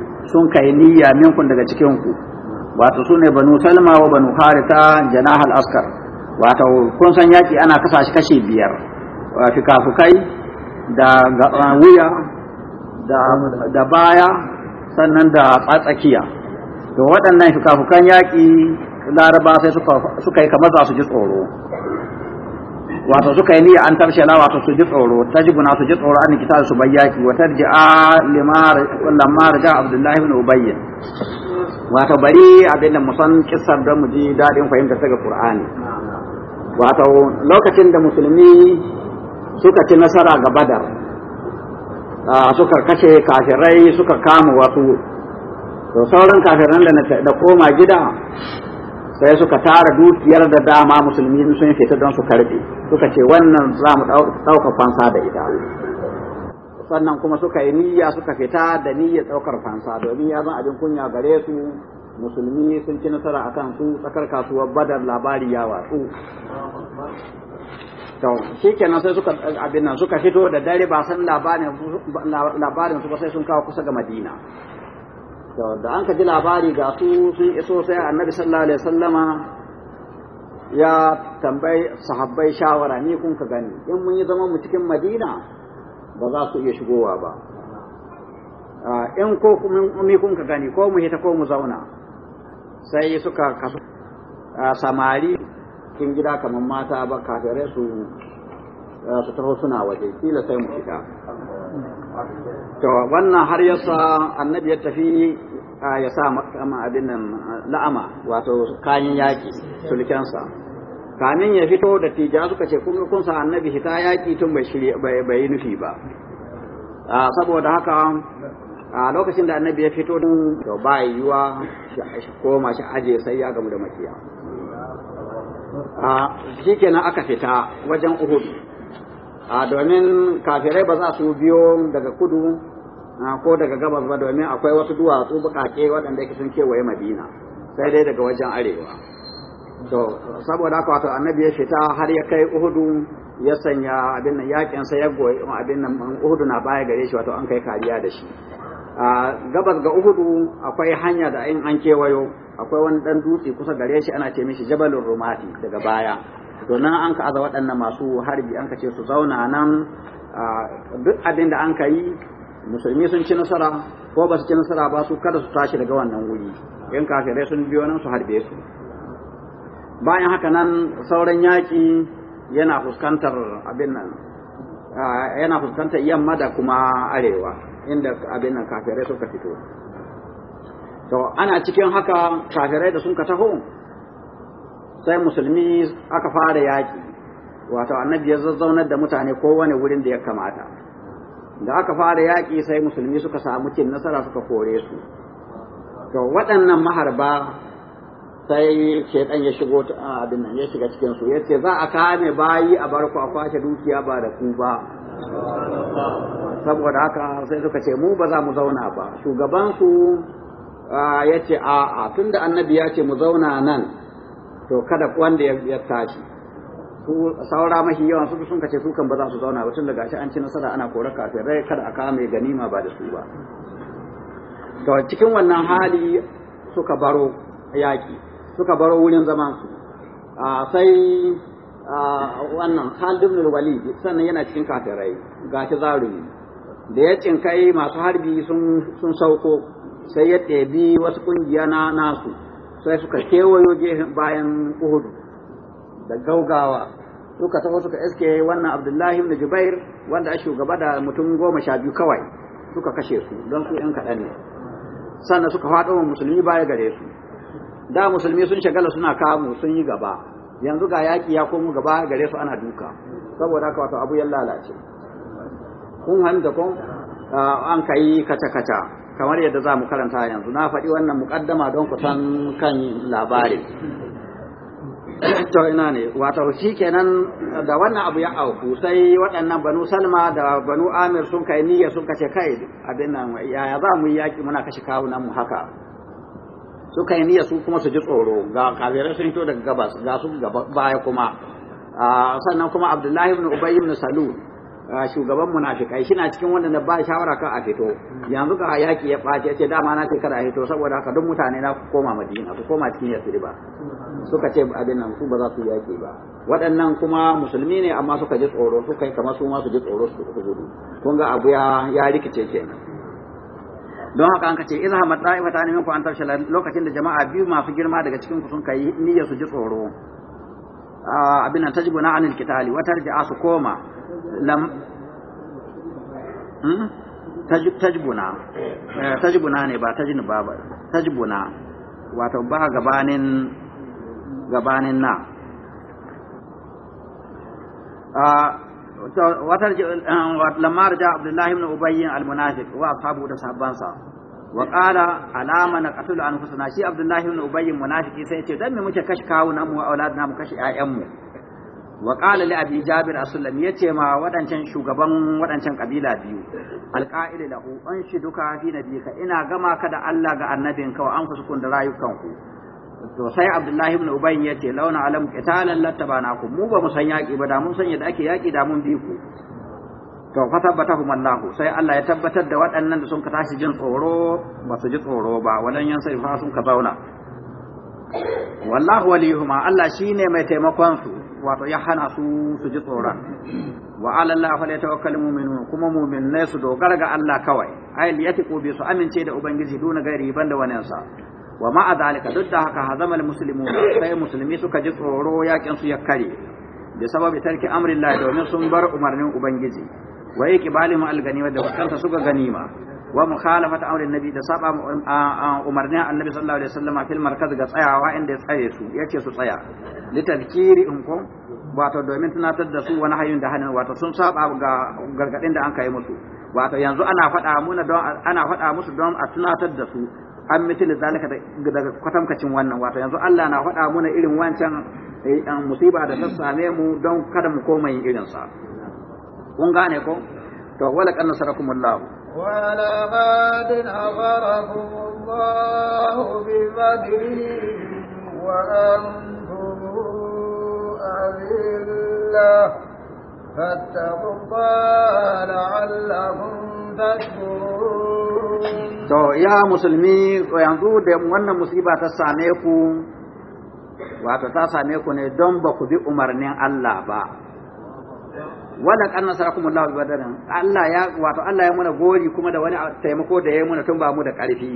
sun kai niyya minkun daga cikin ku wato sune banu salma wa banu harita janah al askar wato kun san yaki ana kasa shi kashi biyar fikafukai da uh, wuya da baya sannan da tsatsakiya to waɗannan fikafukan yaƙi laraba sai suka yi kamar za su ji tsoro wato suka yi niyya an la wato su ji tsoro tajibuna su ji tsoro an kita su bayyaki wa tarji'a limar lamma raja abdullahi ibn ubayy wato bari abin da mu san kissar da mu ji dadin fahimta daga qur'ani wato lokacin da musulmi suka ci nasara ga badar suka kashe kafirai suka kama wasu to sauran kafiran da koma gida sai suka tara dukiyar da dama musulmi sun fita don su karbe suka ce wannan za mu ɗauka fansa da ita sannan kuma suka yi niyya suka fita da niyyar ɗaukar fansa domin ya zan abin kunya gare su musulmi sun ci nasara akan su tsakar kasuwar badar labari ya watsu to shi kenan sai suka abin nan suka fito da dare ba san labarin su ba sai sun kawo kusa ga madina da an ka ji labari ga su sun iso sai annabi sallallahu alaihi wasallama ya tambayi sahabbai shawara ni kun ka gani in mun yi zaman mu cikin madina ba za su iya shigowa ba in ko ni kun ka gani ko mu hita ko mu zauna sai suka kasu samari kin gida kamar mata ba kafirai su su taho suna waje kila sai mu fita to wannan har yasa annabi ya tafi ya sa makama abin nan la'ama wato kayan yaki sulkensa kamin ya fito da tija suka ce kun kun sa annabi hita yaki tun bai shirye bai nufi ba saboda haka a lokacin da annabi ya fito din to ba yiwa shi koma shi aje sai ya gamu da makiya a shikenan aka fita wajen Uhud a ah, domin kafirai ba za su biyo daga kudu ah, ko daga gabas ba domin akwai wasu duwatsu bukake waɗanda yake sun kewaye madina sai dai daga wajen arewa to saboda haka wato annabi ya shita har ya kai uhudu ya sanya abin nan yakin sa ya goyi abin nan uhudu na baya gare shi wato an kai kariya da shi a gabas ga uhudu akwai hanya da in an kewayo akwai wani dan dutse kusa gare shi ana ce mishi jabalin rumati daga baya to nan an ka aza waɗannan masu harbi an ka ce su zauna nan duk abin da an ka yi musulmi sun ci nasara ko ba su ci nasara ba su kada su tashi daga wannan wuri in kafirai sun biyo nan su harbe su bayan haka nan sauran yaƙi yana fuskantar abin nan yana fuskantar yamma da kuma arewa inda abin nan kafirai suka fito to ana cikin haka kafirai da sun ka taho sai musulmi aka fara yaƙi wato annabi ya zazzaunar da mutane kowane wurin da ya kamata da aka fara yaƙi sai musulmi suka samu cin nasara suka kore su to waɗannan maharba sai shaitan ya shigo abin nan ya shiga cikin su yace za a kame bayi a barku a kwashe dukiya ba da ku ba saboda haka sai suka ce mu ba za mu zauna ba shugabansu ya ce a'a tunda annabi ya ce mu zauna nan to kada wanda ya tashi su saura mashi yawan su sun kace su kan ba za su zauna ba tun tunda gashi an ci nasara ana korar rai kada a kame mai ganima ba da su ba to cikin wannan hali suka baro yaki suka baro wurin zaman su sai wannan Khalid ibn Walid sannan yana cikin kafirai ga shi zarumi da ya cinkai masu harbi sun sun sauko sai ya tebi wasu kungiya na nasu sai suka kewayo bayan Uhud da gaugawa suka taho suka iske wannan Abdullahi ibn Jubair wanda a shugaba da mutum goma sha biyu kawai suka kashe su don su ‘yan kaɗan ne sannan suka faɗo wa musulmi baya gare su da musulmi sun shagala suna kamu sun yi gaba yanzu ga yaki ya komo gaba gare su ana duka saboda haka wato abu ya lalace kun hanta kun an kai kata-kata kamar yadda za mu karanta yanzu na faɗi wannan muƙaddama don ku san kan labari to ina ne wato shi kenan da wannan abu ya auku sai waɗannan banu salma da banu amir sun kai niyya sun kashe kai abin nan yaya za mu yi yaƙi muna kashe kawunan mu haka suka yi niyya su kuma su ji tsoro ga kafirai sun fito daga gabas ga su baya kuma ah, sannan kuma abdullahi ibn ubay ibn salul ah, shugaban munafikai shi na cikin wanda ba shawara kan a fito yanzu ga yaki ya ɓaci ya ce dama na ce kada a fito saboda haka duk mutane na koma madina su koma cikin ba. suka ce abin nan su ba za su yaki ba waɗannan kuma musulmi ne amma suka ji tsoro suka yi kamar su ma su ji tsoro su gudu kun ga abu ya rikice kenan don haka an kace idza hamat da'ifata ne ku an tafsha lokacin da jama'a biyu masu girma daga cikin ku sun kai niyyar su ji tsoro abin nan tajibuna anil kitali wa tarji'a su koma lam hmm? tajibuna eh, tajibuna ne ba tajin ba tajibuna wato ba gabanin gabanin na Um, lamma raja abdullahi ibn ubayy al-munafiq wa ashabu da sahabbansa wa qala alama na qatul anfusuna shi abdullahi ibn ubayy munafiki sai yace dan me muke kashi kawunan mu auladna mu kashi ƴaƴan mu wa qala li abi jabir as-sulam yace ma wadancan shugaban wadancan kabila biyu alqa'il lahu an fi nabika ina gama ka da Allah ga annabinka wa anfusukum da rayukanku to sai Abdullahi ibn Uba ya ce launa alam qitalan lattabanakum mu ba mu san yaki ba da mun san yadda ake yaki da mun bi ku to fa tabbatahu Allah sai Allah ya tabbatar da waɗannan da sun ka tashi jin tsoro ba su ji tsoro ba walan yan sai fa sun ka zauna wallahu waliyuhuma Allah shine mai taimakon su wato ya hana su su ji tsoron wa ala Allah fa yatawakkalu mu'minun kuma mu'minai su dogara ga Allah kawai ay liyatiqu bi su amince da ubangiji duna gairi ban da wani sa wa ma'a zalika duk da haka hazama muslimu sai musulmi suka ji tsoro yakin su ya kare da sababi tarki amrin Allah domin sun bar umarnin ubangiji wa yake balimu alganima da wakanta suka ganima wa mukhalafat amrin nabi da saba umarnin annabi sallallahu alaihi wasallam fil markaz ga tsayawa inda ya tsaye su yace su tsaya li tadhkiri in wato domin tunatar da su wani hayin da hanin wato sun saba ga gargadin da an kai musu wato yanzu ana faɗa muna don ana faɗa musu don a tunatar da su an mithli zalika daga kwatankacin wannan wato yanzu Allah na faɗa muna irin wancan eh, musiba da ta same mu don kada mu koma yin irin sa kun gane ko to wala kan nasarakumullah wala badin bi badri wa antum azillah fattaqu la'allakum To, ya musulmi yanzu da wannan musiba ta same ku, wato ta same ku ne don ba ku bi umarnin Allah ba. wala kan nasara kuma Allah badarin, Allah ya wato Allah ya muna gori kuma da wani taimako da ya muna tun ba mu da ƙarfi.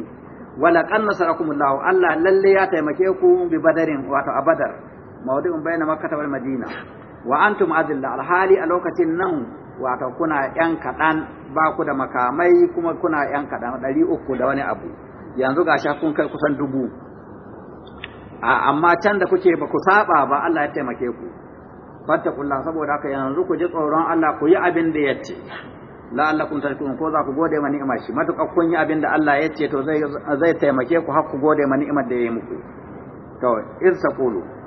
Wala kan nasara kuma Allah, Allah lalle ya taimake ku bi badarin wato a badar, maudu'in bayyana makka ta madina. Wa antum adilla alhali a lokacin nan wato kuna ƴan kaɗan ba ku da makamai kuma kuna ƴan kaɗan ɗari uku da wani abu yanzu ga sha kun kai kusan dubu amma can da kuke ba ku saba ba Allah ya taimake ku fattakullah saboda haka yanzu ku ji tsoron Allah ku yi abin da ya ce la'allakum tashkurun ko za ku gode ma ni'imar shi matuƙar kun yi abin da Allah ya ce to zai taimake ku har ku gode ma ni'imar da ya yi muku to in saqulu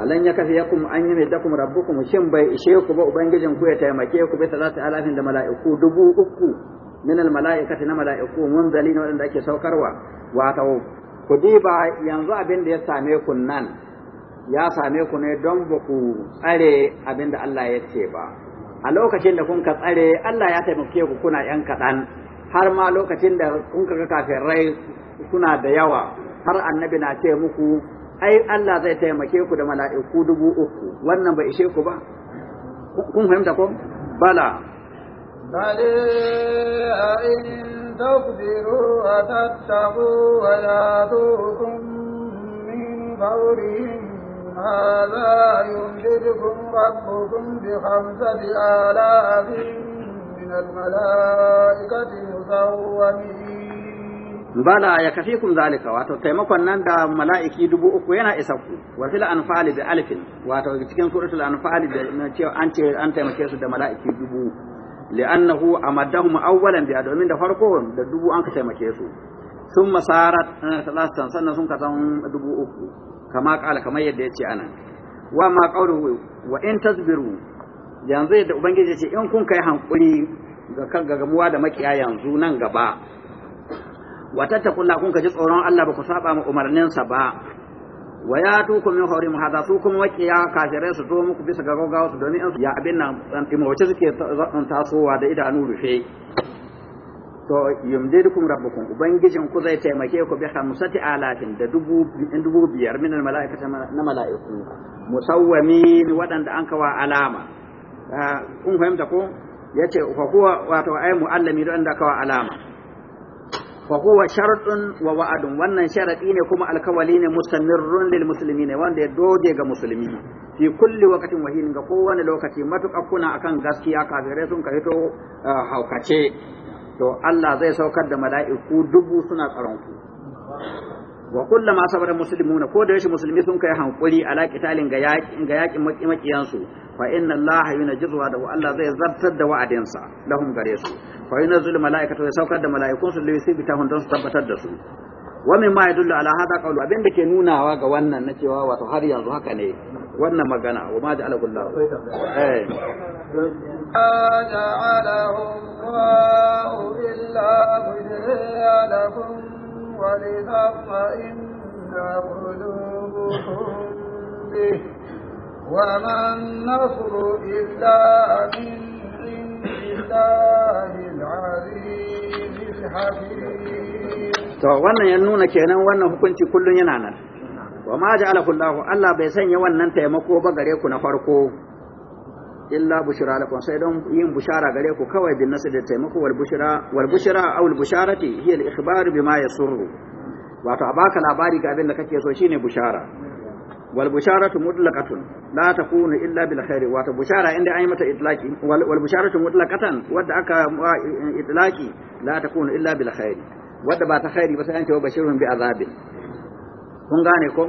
alan ya kafi yakum an yi dakum rabbukum shin bai ishe ku ba ubangijin ku ya taimake ku bai ta alafin da mala'iku dubu uku min al mala'ikati na mala'iku mun zalina wadanda ake saukarwa wato ku ba yanzu abin da ya same ku nan ya same ku ne don ba ku tsare abin da Allah ya ce ba a lokacin da kun ka tsare Allah ya taimake ku kuna yan kaɗan har ma lokacin da kun ka kafin rai kuna da yawa har annabi na ce muku ai Allah zai taimake ku da mala'iku dubu uku wannan ba ishe ku ba kun fahimta ko bala bale a in takbiru wa tattabu wa yadukum min fawrihim هذا يمددكم ربكم بخمسة min من الملائكة مسومين bala ya kun zalika wato taimakon nan da mala'iki dubu uku yana isa ku wa fil anfali bi alfin wato cikin suratul anfali da ce an ce an taimake su da mala'iki dubu li'annahu amadahum awwalan biya domin da farko da dubu an ka taimake su sun masarat talatin eh, sannan sun san dubu uku kama kala kamar yadda yace anan wa ma qawlu wa in tasbiru yanzu yadda ubangiji ya ce in kun kai hankuri ga kan gagamuwa da makiya yanzu nan gaba wa tattaqullaha kun kaji tsoron Allah ba ku saba ma umarninsa ba wa ya tuku min hawri muhadha su kuma wakiya kafire su zo muku bisa ga gaggawa su domin ya abin nan wace suke tasowa da idanu rufe to yumdidukum rabbukum ubangijin ku zai taimake ku bi hamsati alafin da dubu dubu biyar min malaikata na mala'iku musawwamin waɗanda an kawa alama ah, kun fahimta ko yace fa kuwa wato ay muallimi da aka kawa alama fa huwa sharadun wa wa'adun wannan sharadi ne kuma alkawali ne musannirun lil muslimin wanda ya doge ga musulmi fi kulli waqtin wahin ga kowane lokaci matuƙa kuna akan gaskiya kafirai sun kai to haukace to Allah zai saukar da mala'iku dubu suna tsaron ku wa ma sabara muslimuna ko da yashi musulmi sun kai hankuri ala qitalin ga yaqin ga yakin makiyansu fa inna Allah yunjizu wa Allah zai zartar da wa'adinsa lahum gare su fa mala'ika malaikatu ya saukar da malaikun su da su bita don su tabbatar da su wa min ma yadullu ala hada qawlu abinda ke nunawa ga wannan na cewa wato har yanzu haka ne wannan magana wa ma ja'ala kullahu eh ja'alahu Allahu illa lakum wa وما النصر إلا من عند الله to wannan ya nuna kenan wannan hukunci kullun yana nan wa ma ja'alahu Allah Allah bai sanya wannan taimako ba gare ku na farko illa bushra lakum sai don yin bushara gare ku kawai bin nasr da taimako wal bushra wal bushra aw al busharati hiya al ikhbar bima yasurru wato a baka labari ga abin da kake so shine bushara wal busharatu mutlaqatun la takunu illa bil khairi wato bushara inda an yi mata itlaqi wal busharatu mutlaqatan wadda aka itlaqi la takunu illa bil khairi wadda ba ta khairi ba sai an ce bashirun bi azabin kun gane ko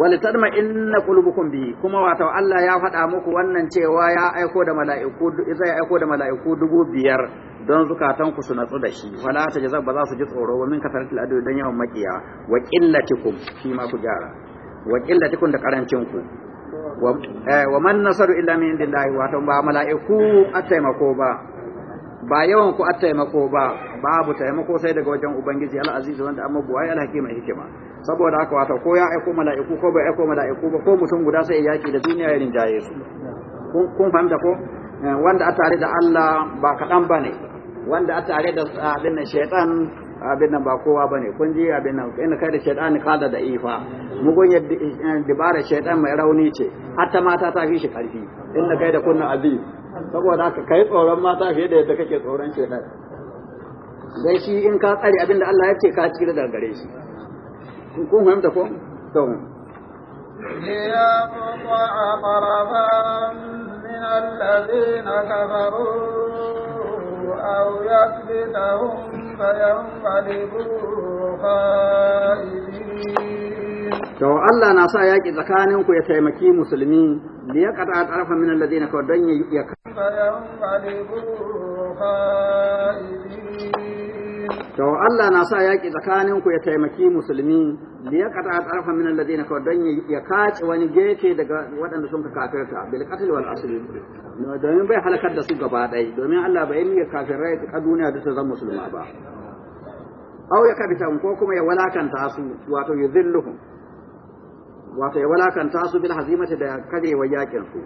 wal tadma inna qulubukum bi kuma wato Allah ya faɗa maku wannan cewa ya aiko da mala'iku zai aiko da dubu biyar don zukatan ku su natsu da shi wala ba za su ji tsoro wa min kasaratil dan yawan makiya wa kum shi ku gyara wa tukun da karancin ku eh, wa man nasaru illa min indillahi wato ba mala'iku a ba ba yawan ku a ba babu taimako sai daga wajen ubangiji al-aziz wanda amma ayi al-hakim hikima saboda haka wato ko ya aiko mala'iku ko bai aiko mala'iku ba ko mutum guda sai ya yaki da duniya ya rinjaye su kun fahimta ko eh, wanda a tare da Allah ba kaɗan ba ne wanda a tare da abin shaitan abin nan ba kowa bane kun ji abin nan kai da shaytani kada da ifa mugun ya eh, dibara shaytan mai rauni ce hatta mata ta fi shi karfi kai da kunna azim saboda haka kai tsoron mata fiye da yadda kake tsoron shaytan dai shi in ka tsare abin da Allah ya ce ka tsira daga gare shi kun fahimta ko to ليقطع طرفا من الذين كفروا أو يكبتهم فينقلبوا to Allah na sa yaƙi tsakanin ya taimaki musulmi da ya kada ƙarfa min zai na kawar don ya to Allah na sa yaƙi tsakanin ku ya taimaki musulmi liyaqata tarfan min alladhina kaw dan ya kace wani gefe daga waɗanda sun ka kafirta bil qatl wal asl domin bai halakar da su gaba ɗaya domin Allah bai yi kafirai ta duniya da ta zama musulma ba aw ya kabita ko kuma ya walakanta su wato yuzilluhum wato ya walakanta su bil hazimati da kare wa yakin su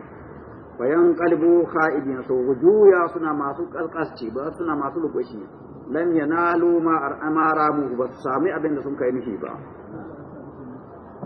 bayan kalbu kha'ibin su wujuya suna masu kalkasci ba suna masu lukushi lam yanalu ma amara mu ba su sami abin da sun kai nufi ba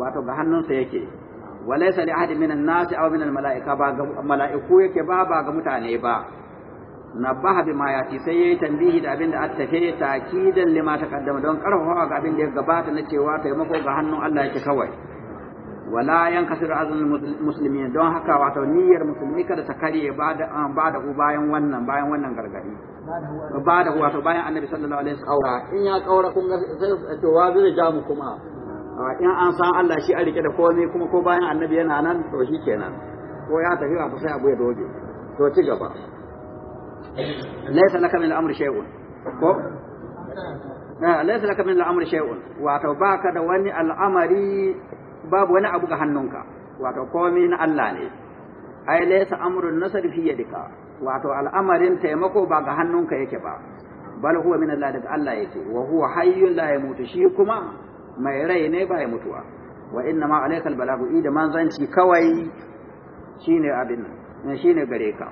wato ga hannunsa yake walaysa li ahadin minan nasi aw minal mala'ika ba ga mala'iku yake ba ba ga mutane ba nabaha bi yati sai yayi tambihi da abin da attafe takidan lima taqaddama don karfafa ga abinda ya gabata na cewa taimako ga hannun Allah yake kawai wala yankasiru azmul muslimin don haka wato niyyar musulmi kada ta karye ba da ku bayan wannan bayan wannan gargadi ba da wato bayan annabi sallallahu alaihi wasallam in ya kaura kun ga sai to wazir zai ja mu kuma in an san Allah shi a rike da komai kuma ko bayan annabi yana nan to shi kenan ko ya tafi ba sai abu ya doge to ci gaba laysa laka min al-amri shay'un ko eh, laysa laka min al-amri shay'un wato baka da wani al'amari babu wani abu ga hannunka wato komai na Allah ne ai laysa amrun nasr fi yadika wato al'amarin taimako ba ga hannunka yake ba bal huwa min Allah daga Allah yake wa huwa hayyun la yamutu shi kuma mai rai ne ba ya mutuwa wa inna ma alaikal balagu man manzanci kawai shine abin nan shine gare ka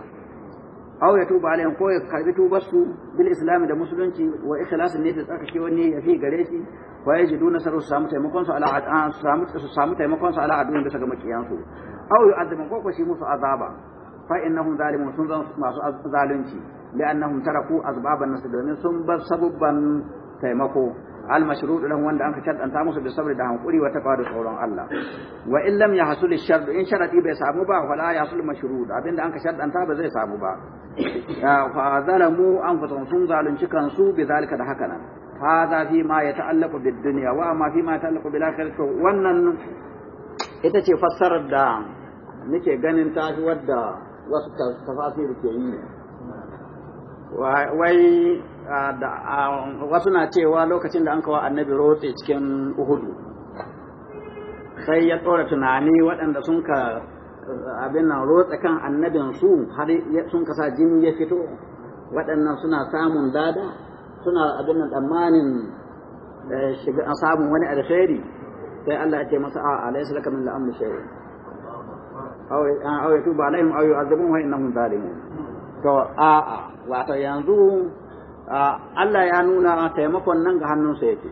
aw ya tuba alayhim ko ya karbi tuba su bil islam da musulunci wa ikhlasin ne tsaka tsakake wani ya fi gare shi wa yajidu nasaru su samu taimakon su ala adan su samu su samu taimakon su ala adun da ga makiyan su aw yu'adhibu ko ko shi musu azaba fa innahum zalimun sun zan masu zalunci annahum taraku azbaban nasu domin sun bar sabubban taimako المشروط له وان أنك شرط أن تامس بالصبر دعم قري وتقاد قولون الله وإن لم يحصل الشرط إن شرط إبه سامو با ولا يحصل مشروط أبين أنك شرط أن زي سامو با آه، فظلموا أنفسهم سن ظالم شكن سو بذلك دهكنا هذا فيما يتعلق بالدنيا وما فيما يتعلق بالآخرة ونن ita ce fassarar da nake ganin ta wadda wasu tafasir ke yi wai wasu na cewa lokacin da an kawo annabi rotse cikin uhudu sai ya tsora tunani waɗanda sun ka abin nan rotse kan annabin su har sun kasa jini ya fito waɗannan suna samun dada suna abin nan tsammanin eh, shiga samun wani alheri sai Allah ya ce masa a alayhi salaka min la'amri ba na yin yatubu alaihim aw yu'adhibuhum wa innahum zalimun to a'a wato yanzu Ah, Allah ya nuna taimakon nan ga hannun hannunsa yake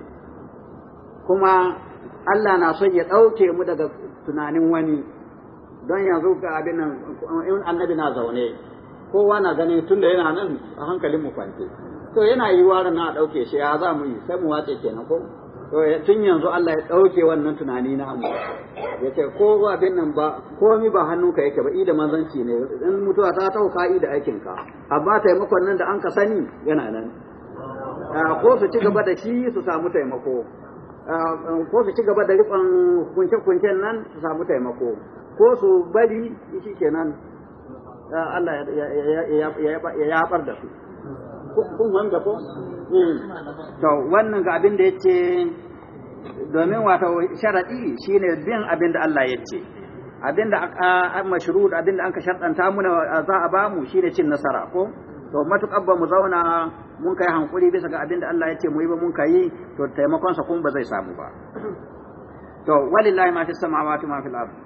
kuma Allah na son ya ɗauke mu daga tunanin wani don yanzu ga abin nan annabi na zaune kowa na ganin tunda yana nan a hankalin mu kwance to yana yiwuwa na ɗauke shi ya za mu yi sai mu watse kenan ko to tun yanzu Allah ya ɗauke wannan tunani na mu ya ce ko abin nan ba komi ba hannunka yake ba ida manzanci ne in mutuwa ta taho ka ida aikin ka amma taimakon nan da an ka sani yana nan ko su ci gaba da shi su samu taimako ko su ci gaba da riƙon kunce-kuncen nan su samu taimako ko su bari shi kenan Allah ya yabar da su kun wanda ko eh. to wannan ga abin da yace domin wato sharadi shine bin abin da Allah yace abin da mashrud abin da anka shartanta muna za a bamu shine cin nasara ko to matukar ba mu zauna mun kai hankuri bisa ga abin da Allah ya mu yi ba mun kai to taimakon sa kun ba zai samu ba to walillahi ma fi samawati ma fil ardh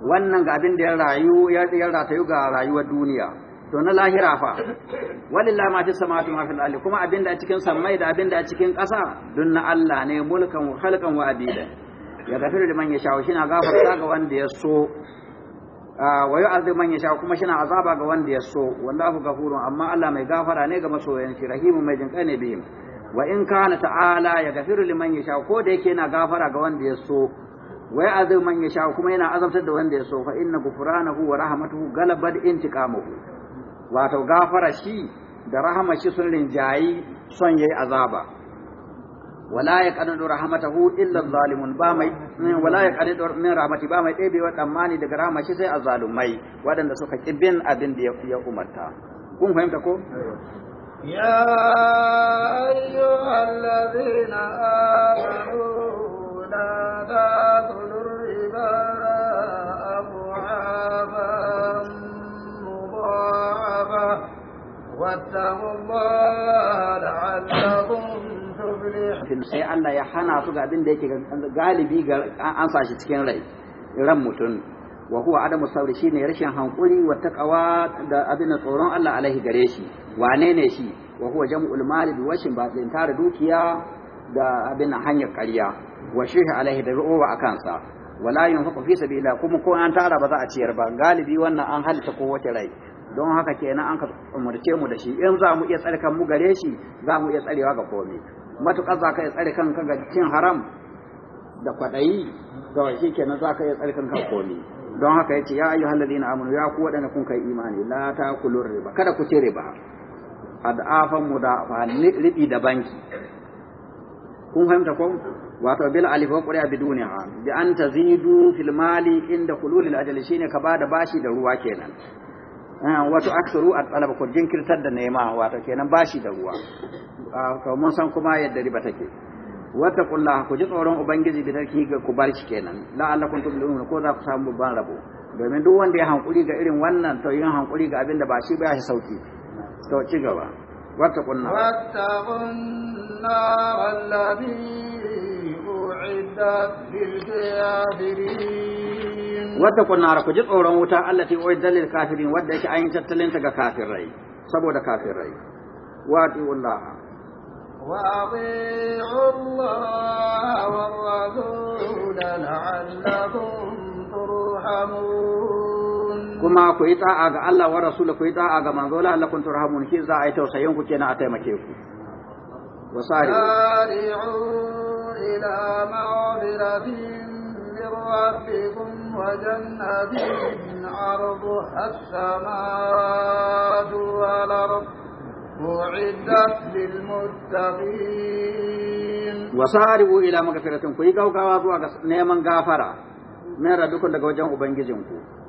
wannan ga abin da ya rayu ya ratayu ga rayuwar duniya to na lahira fa walillahi ma fi samawati ma al ardi kuma abin da a cikin samai da abin da a cikin ƙasa dun na Allah ne mulkan wa khalqan wa abida ya gafiru liman yasha shi na gafarta ga wanda ya so wa yu'adhibu man yasha kuma shi na azaba ga wanda ya so wallahu ghafurun amma Allah mai gafara ne ga masoyan shi rahimu mai jinkai ne bihim wa in kana ta'ala ya gafiru liman yasha ko da yake yana gafara ga wanda ya so wa ya'dhibu man yasha kuma yana azabtar da wanda ya so fa inna ghufranahu wa rahmatuhu galabat intiqamuhu wato gafara shi da rahama shi sun rinjayi son yayi azaba wala yaqadu rahmatahu illa zalimun ba mai wala yaqadu min rahmati ba mai ɗebe wa tsammani daga rahama shi sai azalumai waɗanda suka kibin abin da ya umarta kun fahimta ko يا أيها الذين آمنوا sai Allah ya hana su ga abin da yake galibi ga an sashi cikin rai ran mutum wa huwa adamu shi shine rashin hankuri wa taqwa da abin tsoron Allah alaihi gare shi wane ne shi wa huwa jam'ul mali bi washin ba tare dukiya da abin hanyar ƙarya wa shirka alaihi da ru'uwa a kansa wala yunfiqu fi ila kuma ko an tara ba za a ciyar ba galibi wannan an halitta ko wace rai don haka kenan an ka umarce mu da shi in za mu iya tsare kan mu gare shi za mu iya tsarewa ga komai matukar za ka iya tsare ka ga cin haram da kwaɗayi ga wasu kenan za ka iya tsare kan ka komai don haka yace ya ayyuhal ladina amanu ya ku wadanda kun kai imani la kulur riba kada ku ci riba ad'afan mudafa ribi da banki kun fahimta ko wato bil alif wa qura biduniha bi an tazidu fil mali inda hululil ajali shine ka bada bashi da ruwa kenan ah, wato aksaru a talaba ko jinkirtar da nema wato kenan bashi da ruwa ah, to mun san kuma yadda riba take wata kulla ku ji tsoron ubangiji bi tarki ga ku bar shi kenan la allakum tublun ko za ku samu babban rabo domin duk wanda ya hankuri ga irin wannan to yin hankuri ga abinda da ba shi ba ya sauki to ci gaba warta kunna kujerar warta kunna kujerar ku je ɗoran wuta allah ta'in oyin dalil kafirin wanda yaushe an yi tattalin daga kafin rai saboda kafin rai waɗi wulaha. Waqiluwa wazun da na Allah Tuhar Hamud. kuma ku yi ta'a ga Allah wa Rasul ku yi ta'a ga manzo la lakum turhamun shi za a yi tausayin ku kenan a taimake ku wasari ila ma'biratin من ربكم وجنة عرضها السماوات والأرض أعدت للمتقين وسارعوا إلى yi كي غوغاوا زوا نيمان غافرة من ربكم daga wajen ubangijinku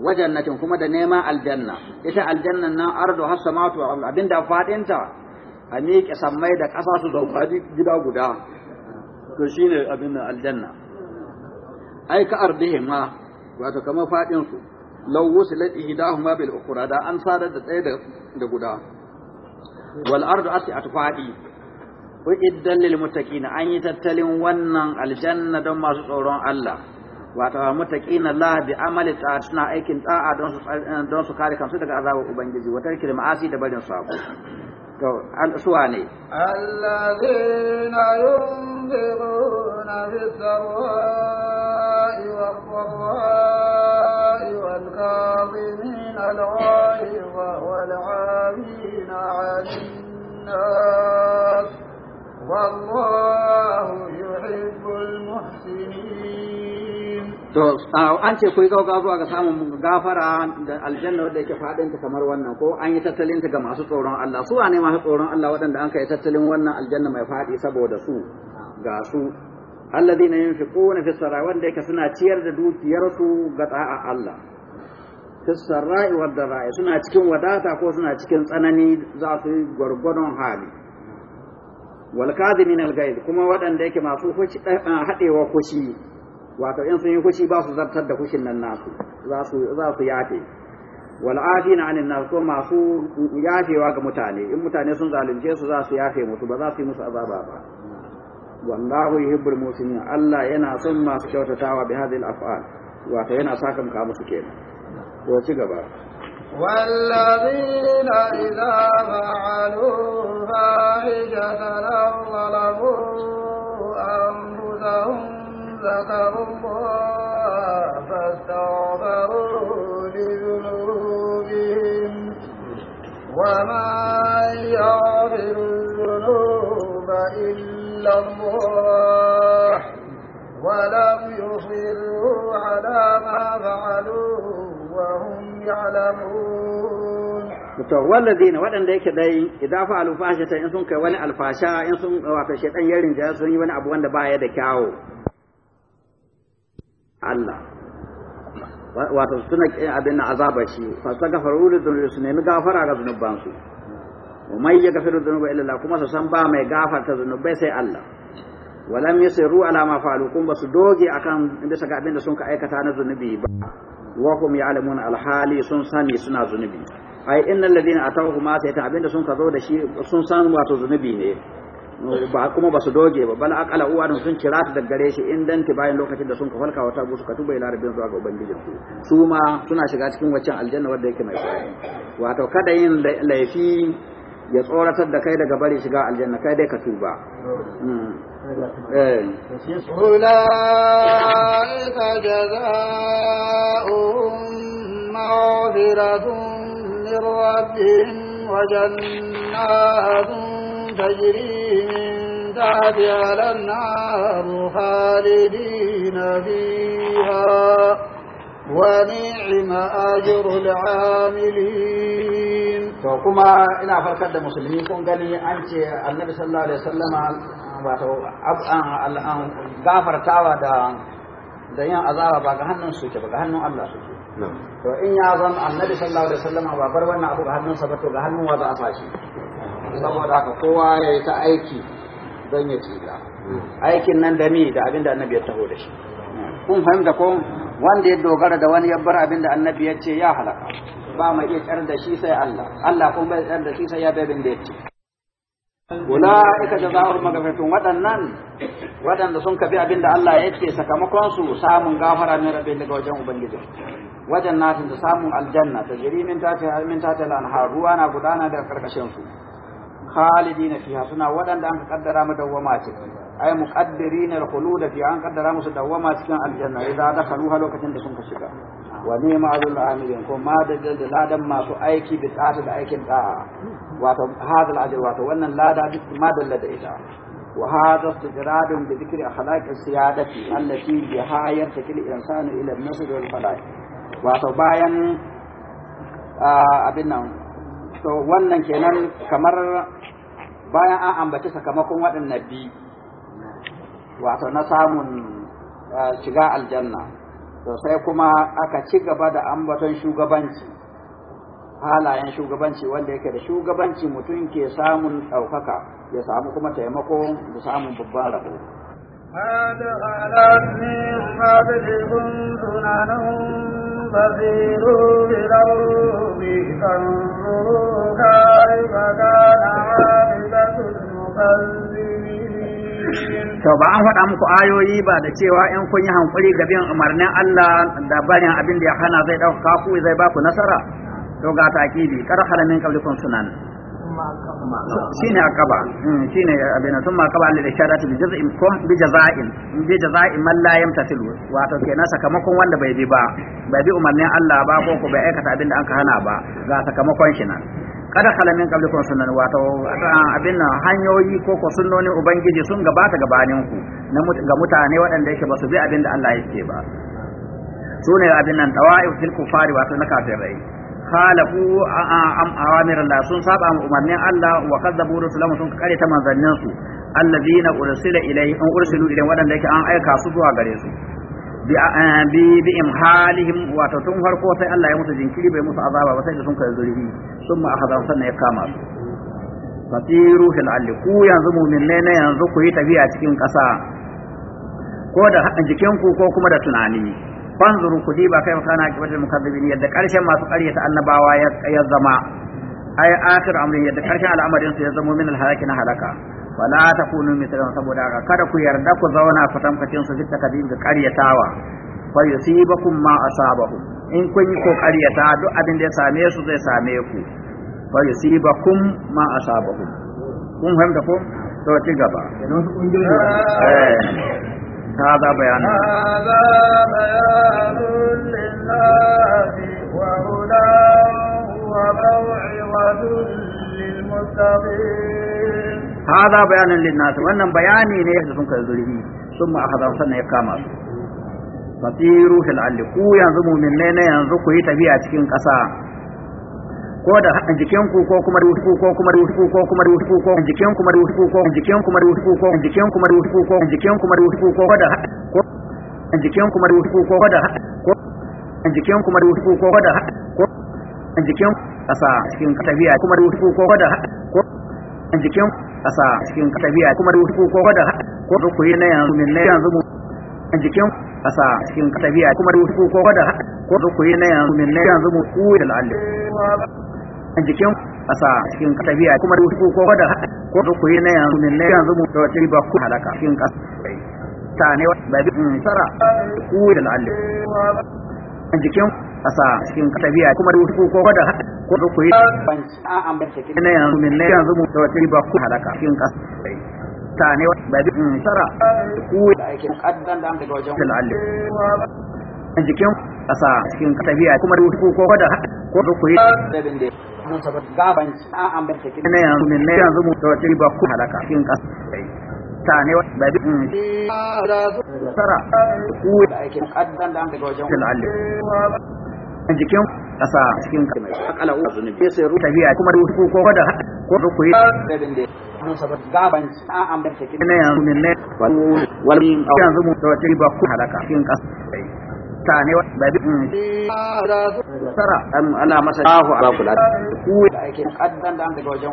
wa kuma da neman aljanna ita aljannan nan ardu has abinda faɗinta a miƙe sammai da ƙasa su zauka gida guda to shine abin aljanna ai ka ardihima wato kamar fadin su law wusilat ihdahuma bil ukhra da an sadar da tsaye da guda wal ardu asi'at fadi wa iddan lil muttaqin an yi tattalin wannan aljanna don masu tsoron Allah wato mutaqin Allah bi amali ta suna aikin da'a don su don su kare kansu daga azabar ubangiji wata kirma ma'asi da barin sako to an suwa ne allazina yunziruna bis sawa'i wa qawai wal kazimin al ghaib wal 'afina 'anil nas والله يحب المحسنين to an ce ku yi gauga zuwa ga samun gafara da aljanna wadda yake faɗin ta kamar wannan ko an yi tattalin ta ga masu tsoron Allah su ne masu tsoron Allah waɗanda an kai tattalin wannan aljanna mai faɗi saboda su ga su alladhina yunfiquna fi sarai wanda yake suna ciyar da dukiyarsu ga ta'a Allah fi sarai wa darai suna cikin wadata ko suna cikin tsanani za su yi gwargwadon hali wal kadhimin al kuma waɗanda yake masu eh, haɗewa kushi wato in sun yi fushi ba su zartar da fushin nan nasu za su za su yafe wal afina anin nas ko masu yafewa ga mutane in mutane sun zalunce su za su yafe musu ba za su yi musu azaba ba wallahu yuhibbul muslimin Allah yana son masu kyautatawa bi hadhihi al af'al wato yana sakan ka musu kenan ko ci gaba والذين إذا فعلوا فاحشة أو ظلموا أنفسهم ذكروا الله فاستغفروا لذنوبهم ومن يغفر الذنوب إلا الله ولم يصروا على ما فعلوا وهم يعلمون to walladina waɗanda yake dai idza fa'alu fahishatan in sun kai wani alfasha in sun wato shaytan 'yarin rinja sun yi wani abu wanda baya da kyawu Allah wato suna kin abin na azaba shi fa saka da su nemi gafara ga zunuban su mai ya gafara zunuba illa kuma su san ba mai gafarta zunubai sai Allah walam yasiru ala ma fa'alu kun basu doge akan bisa saka abin da sun ka aikata na zunubi ba wa hum al alhali sun sani suna zunubi ai innal ladina atawhu ma sai ta abin da sun ka zo da shi sun san wato zunubi ne ba kuma ba su doge ba bal akala uwa da sun kira ta daggare shi in dan bayan lokacin da sun ka falka wata gusu ka tuba ila rabbin zuwa ga ubangijin su su ma suna shiga cikin waccan aljanna wanda yake mai tsari wato kada yin laifi ya tsoratar da kai daga bari shiga aljanna kai dai ka tuba أولئك جزاؤهم مغفرة من ربهم وجنات تجري من تحتها الأنهار خالدين فيها ونعم أجر العاملين ina farkar da المسلمين كون gani an ce صلى الله عليه وسلم wato an gafartawa da da yin azaba ba ga hannun su ba ga hannun Allah su to in ya zama annabi sallallahu alaihi wasallam ba bar wannan abu ga hannun sa ba to ga hannun wa za a fashi saboda haka kowa ya yi ta aiki don ya tsira aikin nan da mi da abin da annabi ya taho da shi kun fahimta ko wanda ya dogara da wani yabbar abin da annabi ya ce ya halaka ba mai iya tsar da shi sai Allah Allah kun bai tsar da shi sai ya bai bin da ya ce da jazaa'ul maghfiratun waɗannan waɗanda sun kafi abin da Allah ya ce sakamakon su samun gafara min rabin daga wajen ubangiji wajen natin da samun aljanna ta jiri min tata min ruwa na gudana daga karkashin su khalidina fiha suna waɗanda an kaddara mu dawwama ciki ay muqaddirina al-khulud fi an kaddara musu dawwama cikin aljanna idan ha lokacin da sun ka shiga wa ni'ma ajrul amilin ko ma da da ladan masu aiki bi tsata da aikin da wato hadal ajr wato wannan lada duk ma dalla da ita wa hada istidradun bi dhikri akhlaq as-siyadati allati biha yartakil insanu ila an-nasr wal falah wato bayan ah, abin nan to wannan kenan kamar bayan an ambaci sakamakon waɗannan biyu wato na samun eh, shiga aljanna to sai kuma aka ci gaba da ambaton shugabanci halayen shugabanci wanda yake da shugabanci mutum ke samun ɗaukaka ya samu kuma taimako da samun babban rabo قد خلت من قبلكم فانظروا كيف كان to ba an faɗa muku ayoyi ba da cewa in kun yi hankuri ga bin umarnin Allah da barin abin da ya hana zai ɗauka ku zai ba ku nasara to ga takibi kar haramin kablikum sunan shine akaba mm, shine abin sun ma akaba da sharatu bi jaz'in kum bi jaza'in bi jaza'in man la yamtasilu wato kenan sakamakon wanda bai bi ba bai bi umarnin Allah ba ko ku bai aikata abin da an ka hana ba ga sakamakon shi nan kada kalamin kabli kun sunan wato abin nan hanyoyi ko ko sunnonin ubangiji sun gabata gabanin ku na ga mutane waɗanda yake ba su bi abin da Allah yake ba sune abin nan tawa'if fil kufari wato na kafirai khalafu am awamir Allah sun saba mu umarnin Allah wa kadzabu rusulahu sun kare ta manzannin su alladhina ursila ilayhi an ursilu ilayhi waɗanda yake an aika su zuwa gare su bi imhalihim wato tun farko sai Allah ya musu jinkiri bai musu azaba ba sai da sun kai zurfi sun ma aka sannan ya kama su fasiru fil alli ku yanzu mu'minne ne yanzu ku yi tafiya cikin ƙasa ko da jikin ku ko kuma da tunani fanzuru ku diba kai ki wajen mukazzibin yadda karshen masu ƙaryata annabawa ya zama ay akhir amri yadda karshen al'amarin su ya zama min al-halaki na halaka wala kunu mitra saboda haka kada ku yarda ku zauna fatankacin su fitta kadin ga qaryatawa fa yusibakum ma asabahu in kun yi ko qaryata duk abin da ya same su zai same ku fa yusibakum ma asabahu kun fahimta ko to ci gaba هذا بيان هذا بيان للناس وهدى وموعظة للمتقين هذا بيان للناس وان بياني ني da كذري ثم zurfi سنه يقام hada في ya kama su من fil alli ku yanzu mu'minne ne cikin kasa ko da jikin ku ko kuma ruhu ko kuma ruhu ko kuma ruhu ko jikin kuma ruhu ko jikin kuma ruhu ko jikin kuma ruhu ko jikin kuma ruhu ko da ko jikin kuma ruhu ko da ko jikin kuma ruhu ko da ko jikin kasa cikin tabiya kuma ruhu ko da ko jikin kasa cikin tabiya kuma duk ko ko da ko rukuri na yanzu min na yanzu mu jikin kasa cikin tabiya kuma duk ko ko da ko rukuri na yanzu min na yanzu mu ku da al'alli jikin kasa cikin tabiya kuma duk ko ko da ko rukuri na yanzu min na yanzu mu to ba ku halaka cikin kasa ta ne ba bi mm, tsara ku da al'alli jikin kasa cikin tabiya kuma duk ko ko da ko da ku yi a ambace ki ne yanzu min ne yanzu mu da wata ba ku halaka cikin kasa ta ne ba bi mm, sara ku da ake kaddan da daga wajen al'alli jikin kasa cikin tabiya kuma duk ko ko da ko da ku yi gabanci a ambace ki ne yanzu min ne yanzu mu da wata ba ku halaka cikin kasa tane ba bi mm. tara uwe da ake da daga wajen jikin kasa cikin kamar akala uwa zunubi sai ruwa kuma ruwa ko ko da ko a amurka ne ne yanzu tawace ba ku halaka cikin kasa tane mm. tara an masa da ake da daga wajen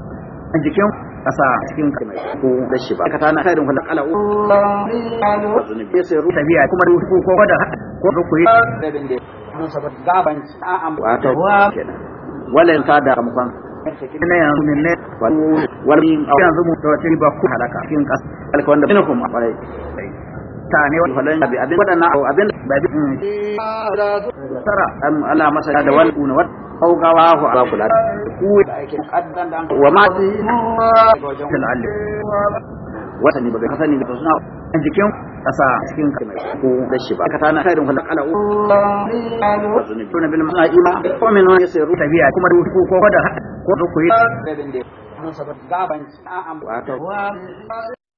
jikin kasa cikin kamar ko da shi ba kata na kairin hulak ala zunubi sai tabiya kuma ko ko da ko ko yi gabanci a wa da mukan ina yanzu min ne wani yanzu ba ku halaka cikin kasa alka wanda ina kuma wani falon abi abin abin da bi hmm. tara ala masa da kuna wata kaukawa ku a kula da ku da ake kaddan da wa ma su yi na wajen alif wata ne bai kasani ba suna a jikin kasa cikin kamar ku da shi ba kata na kairin kwanar ala uku zuni tuna bin masu na'ima ko min wani sai ruta biya kuma da wuta ko da haɗa da ku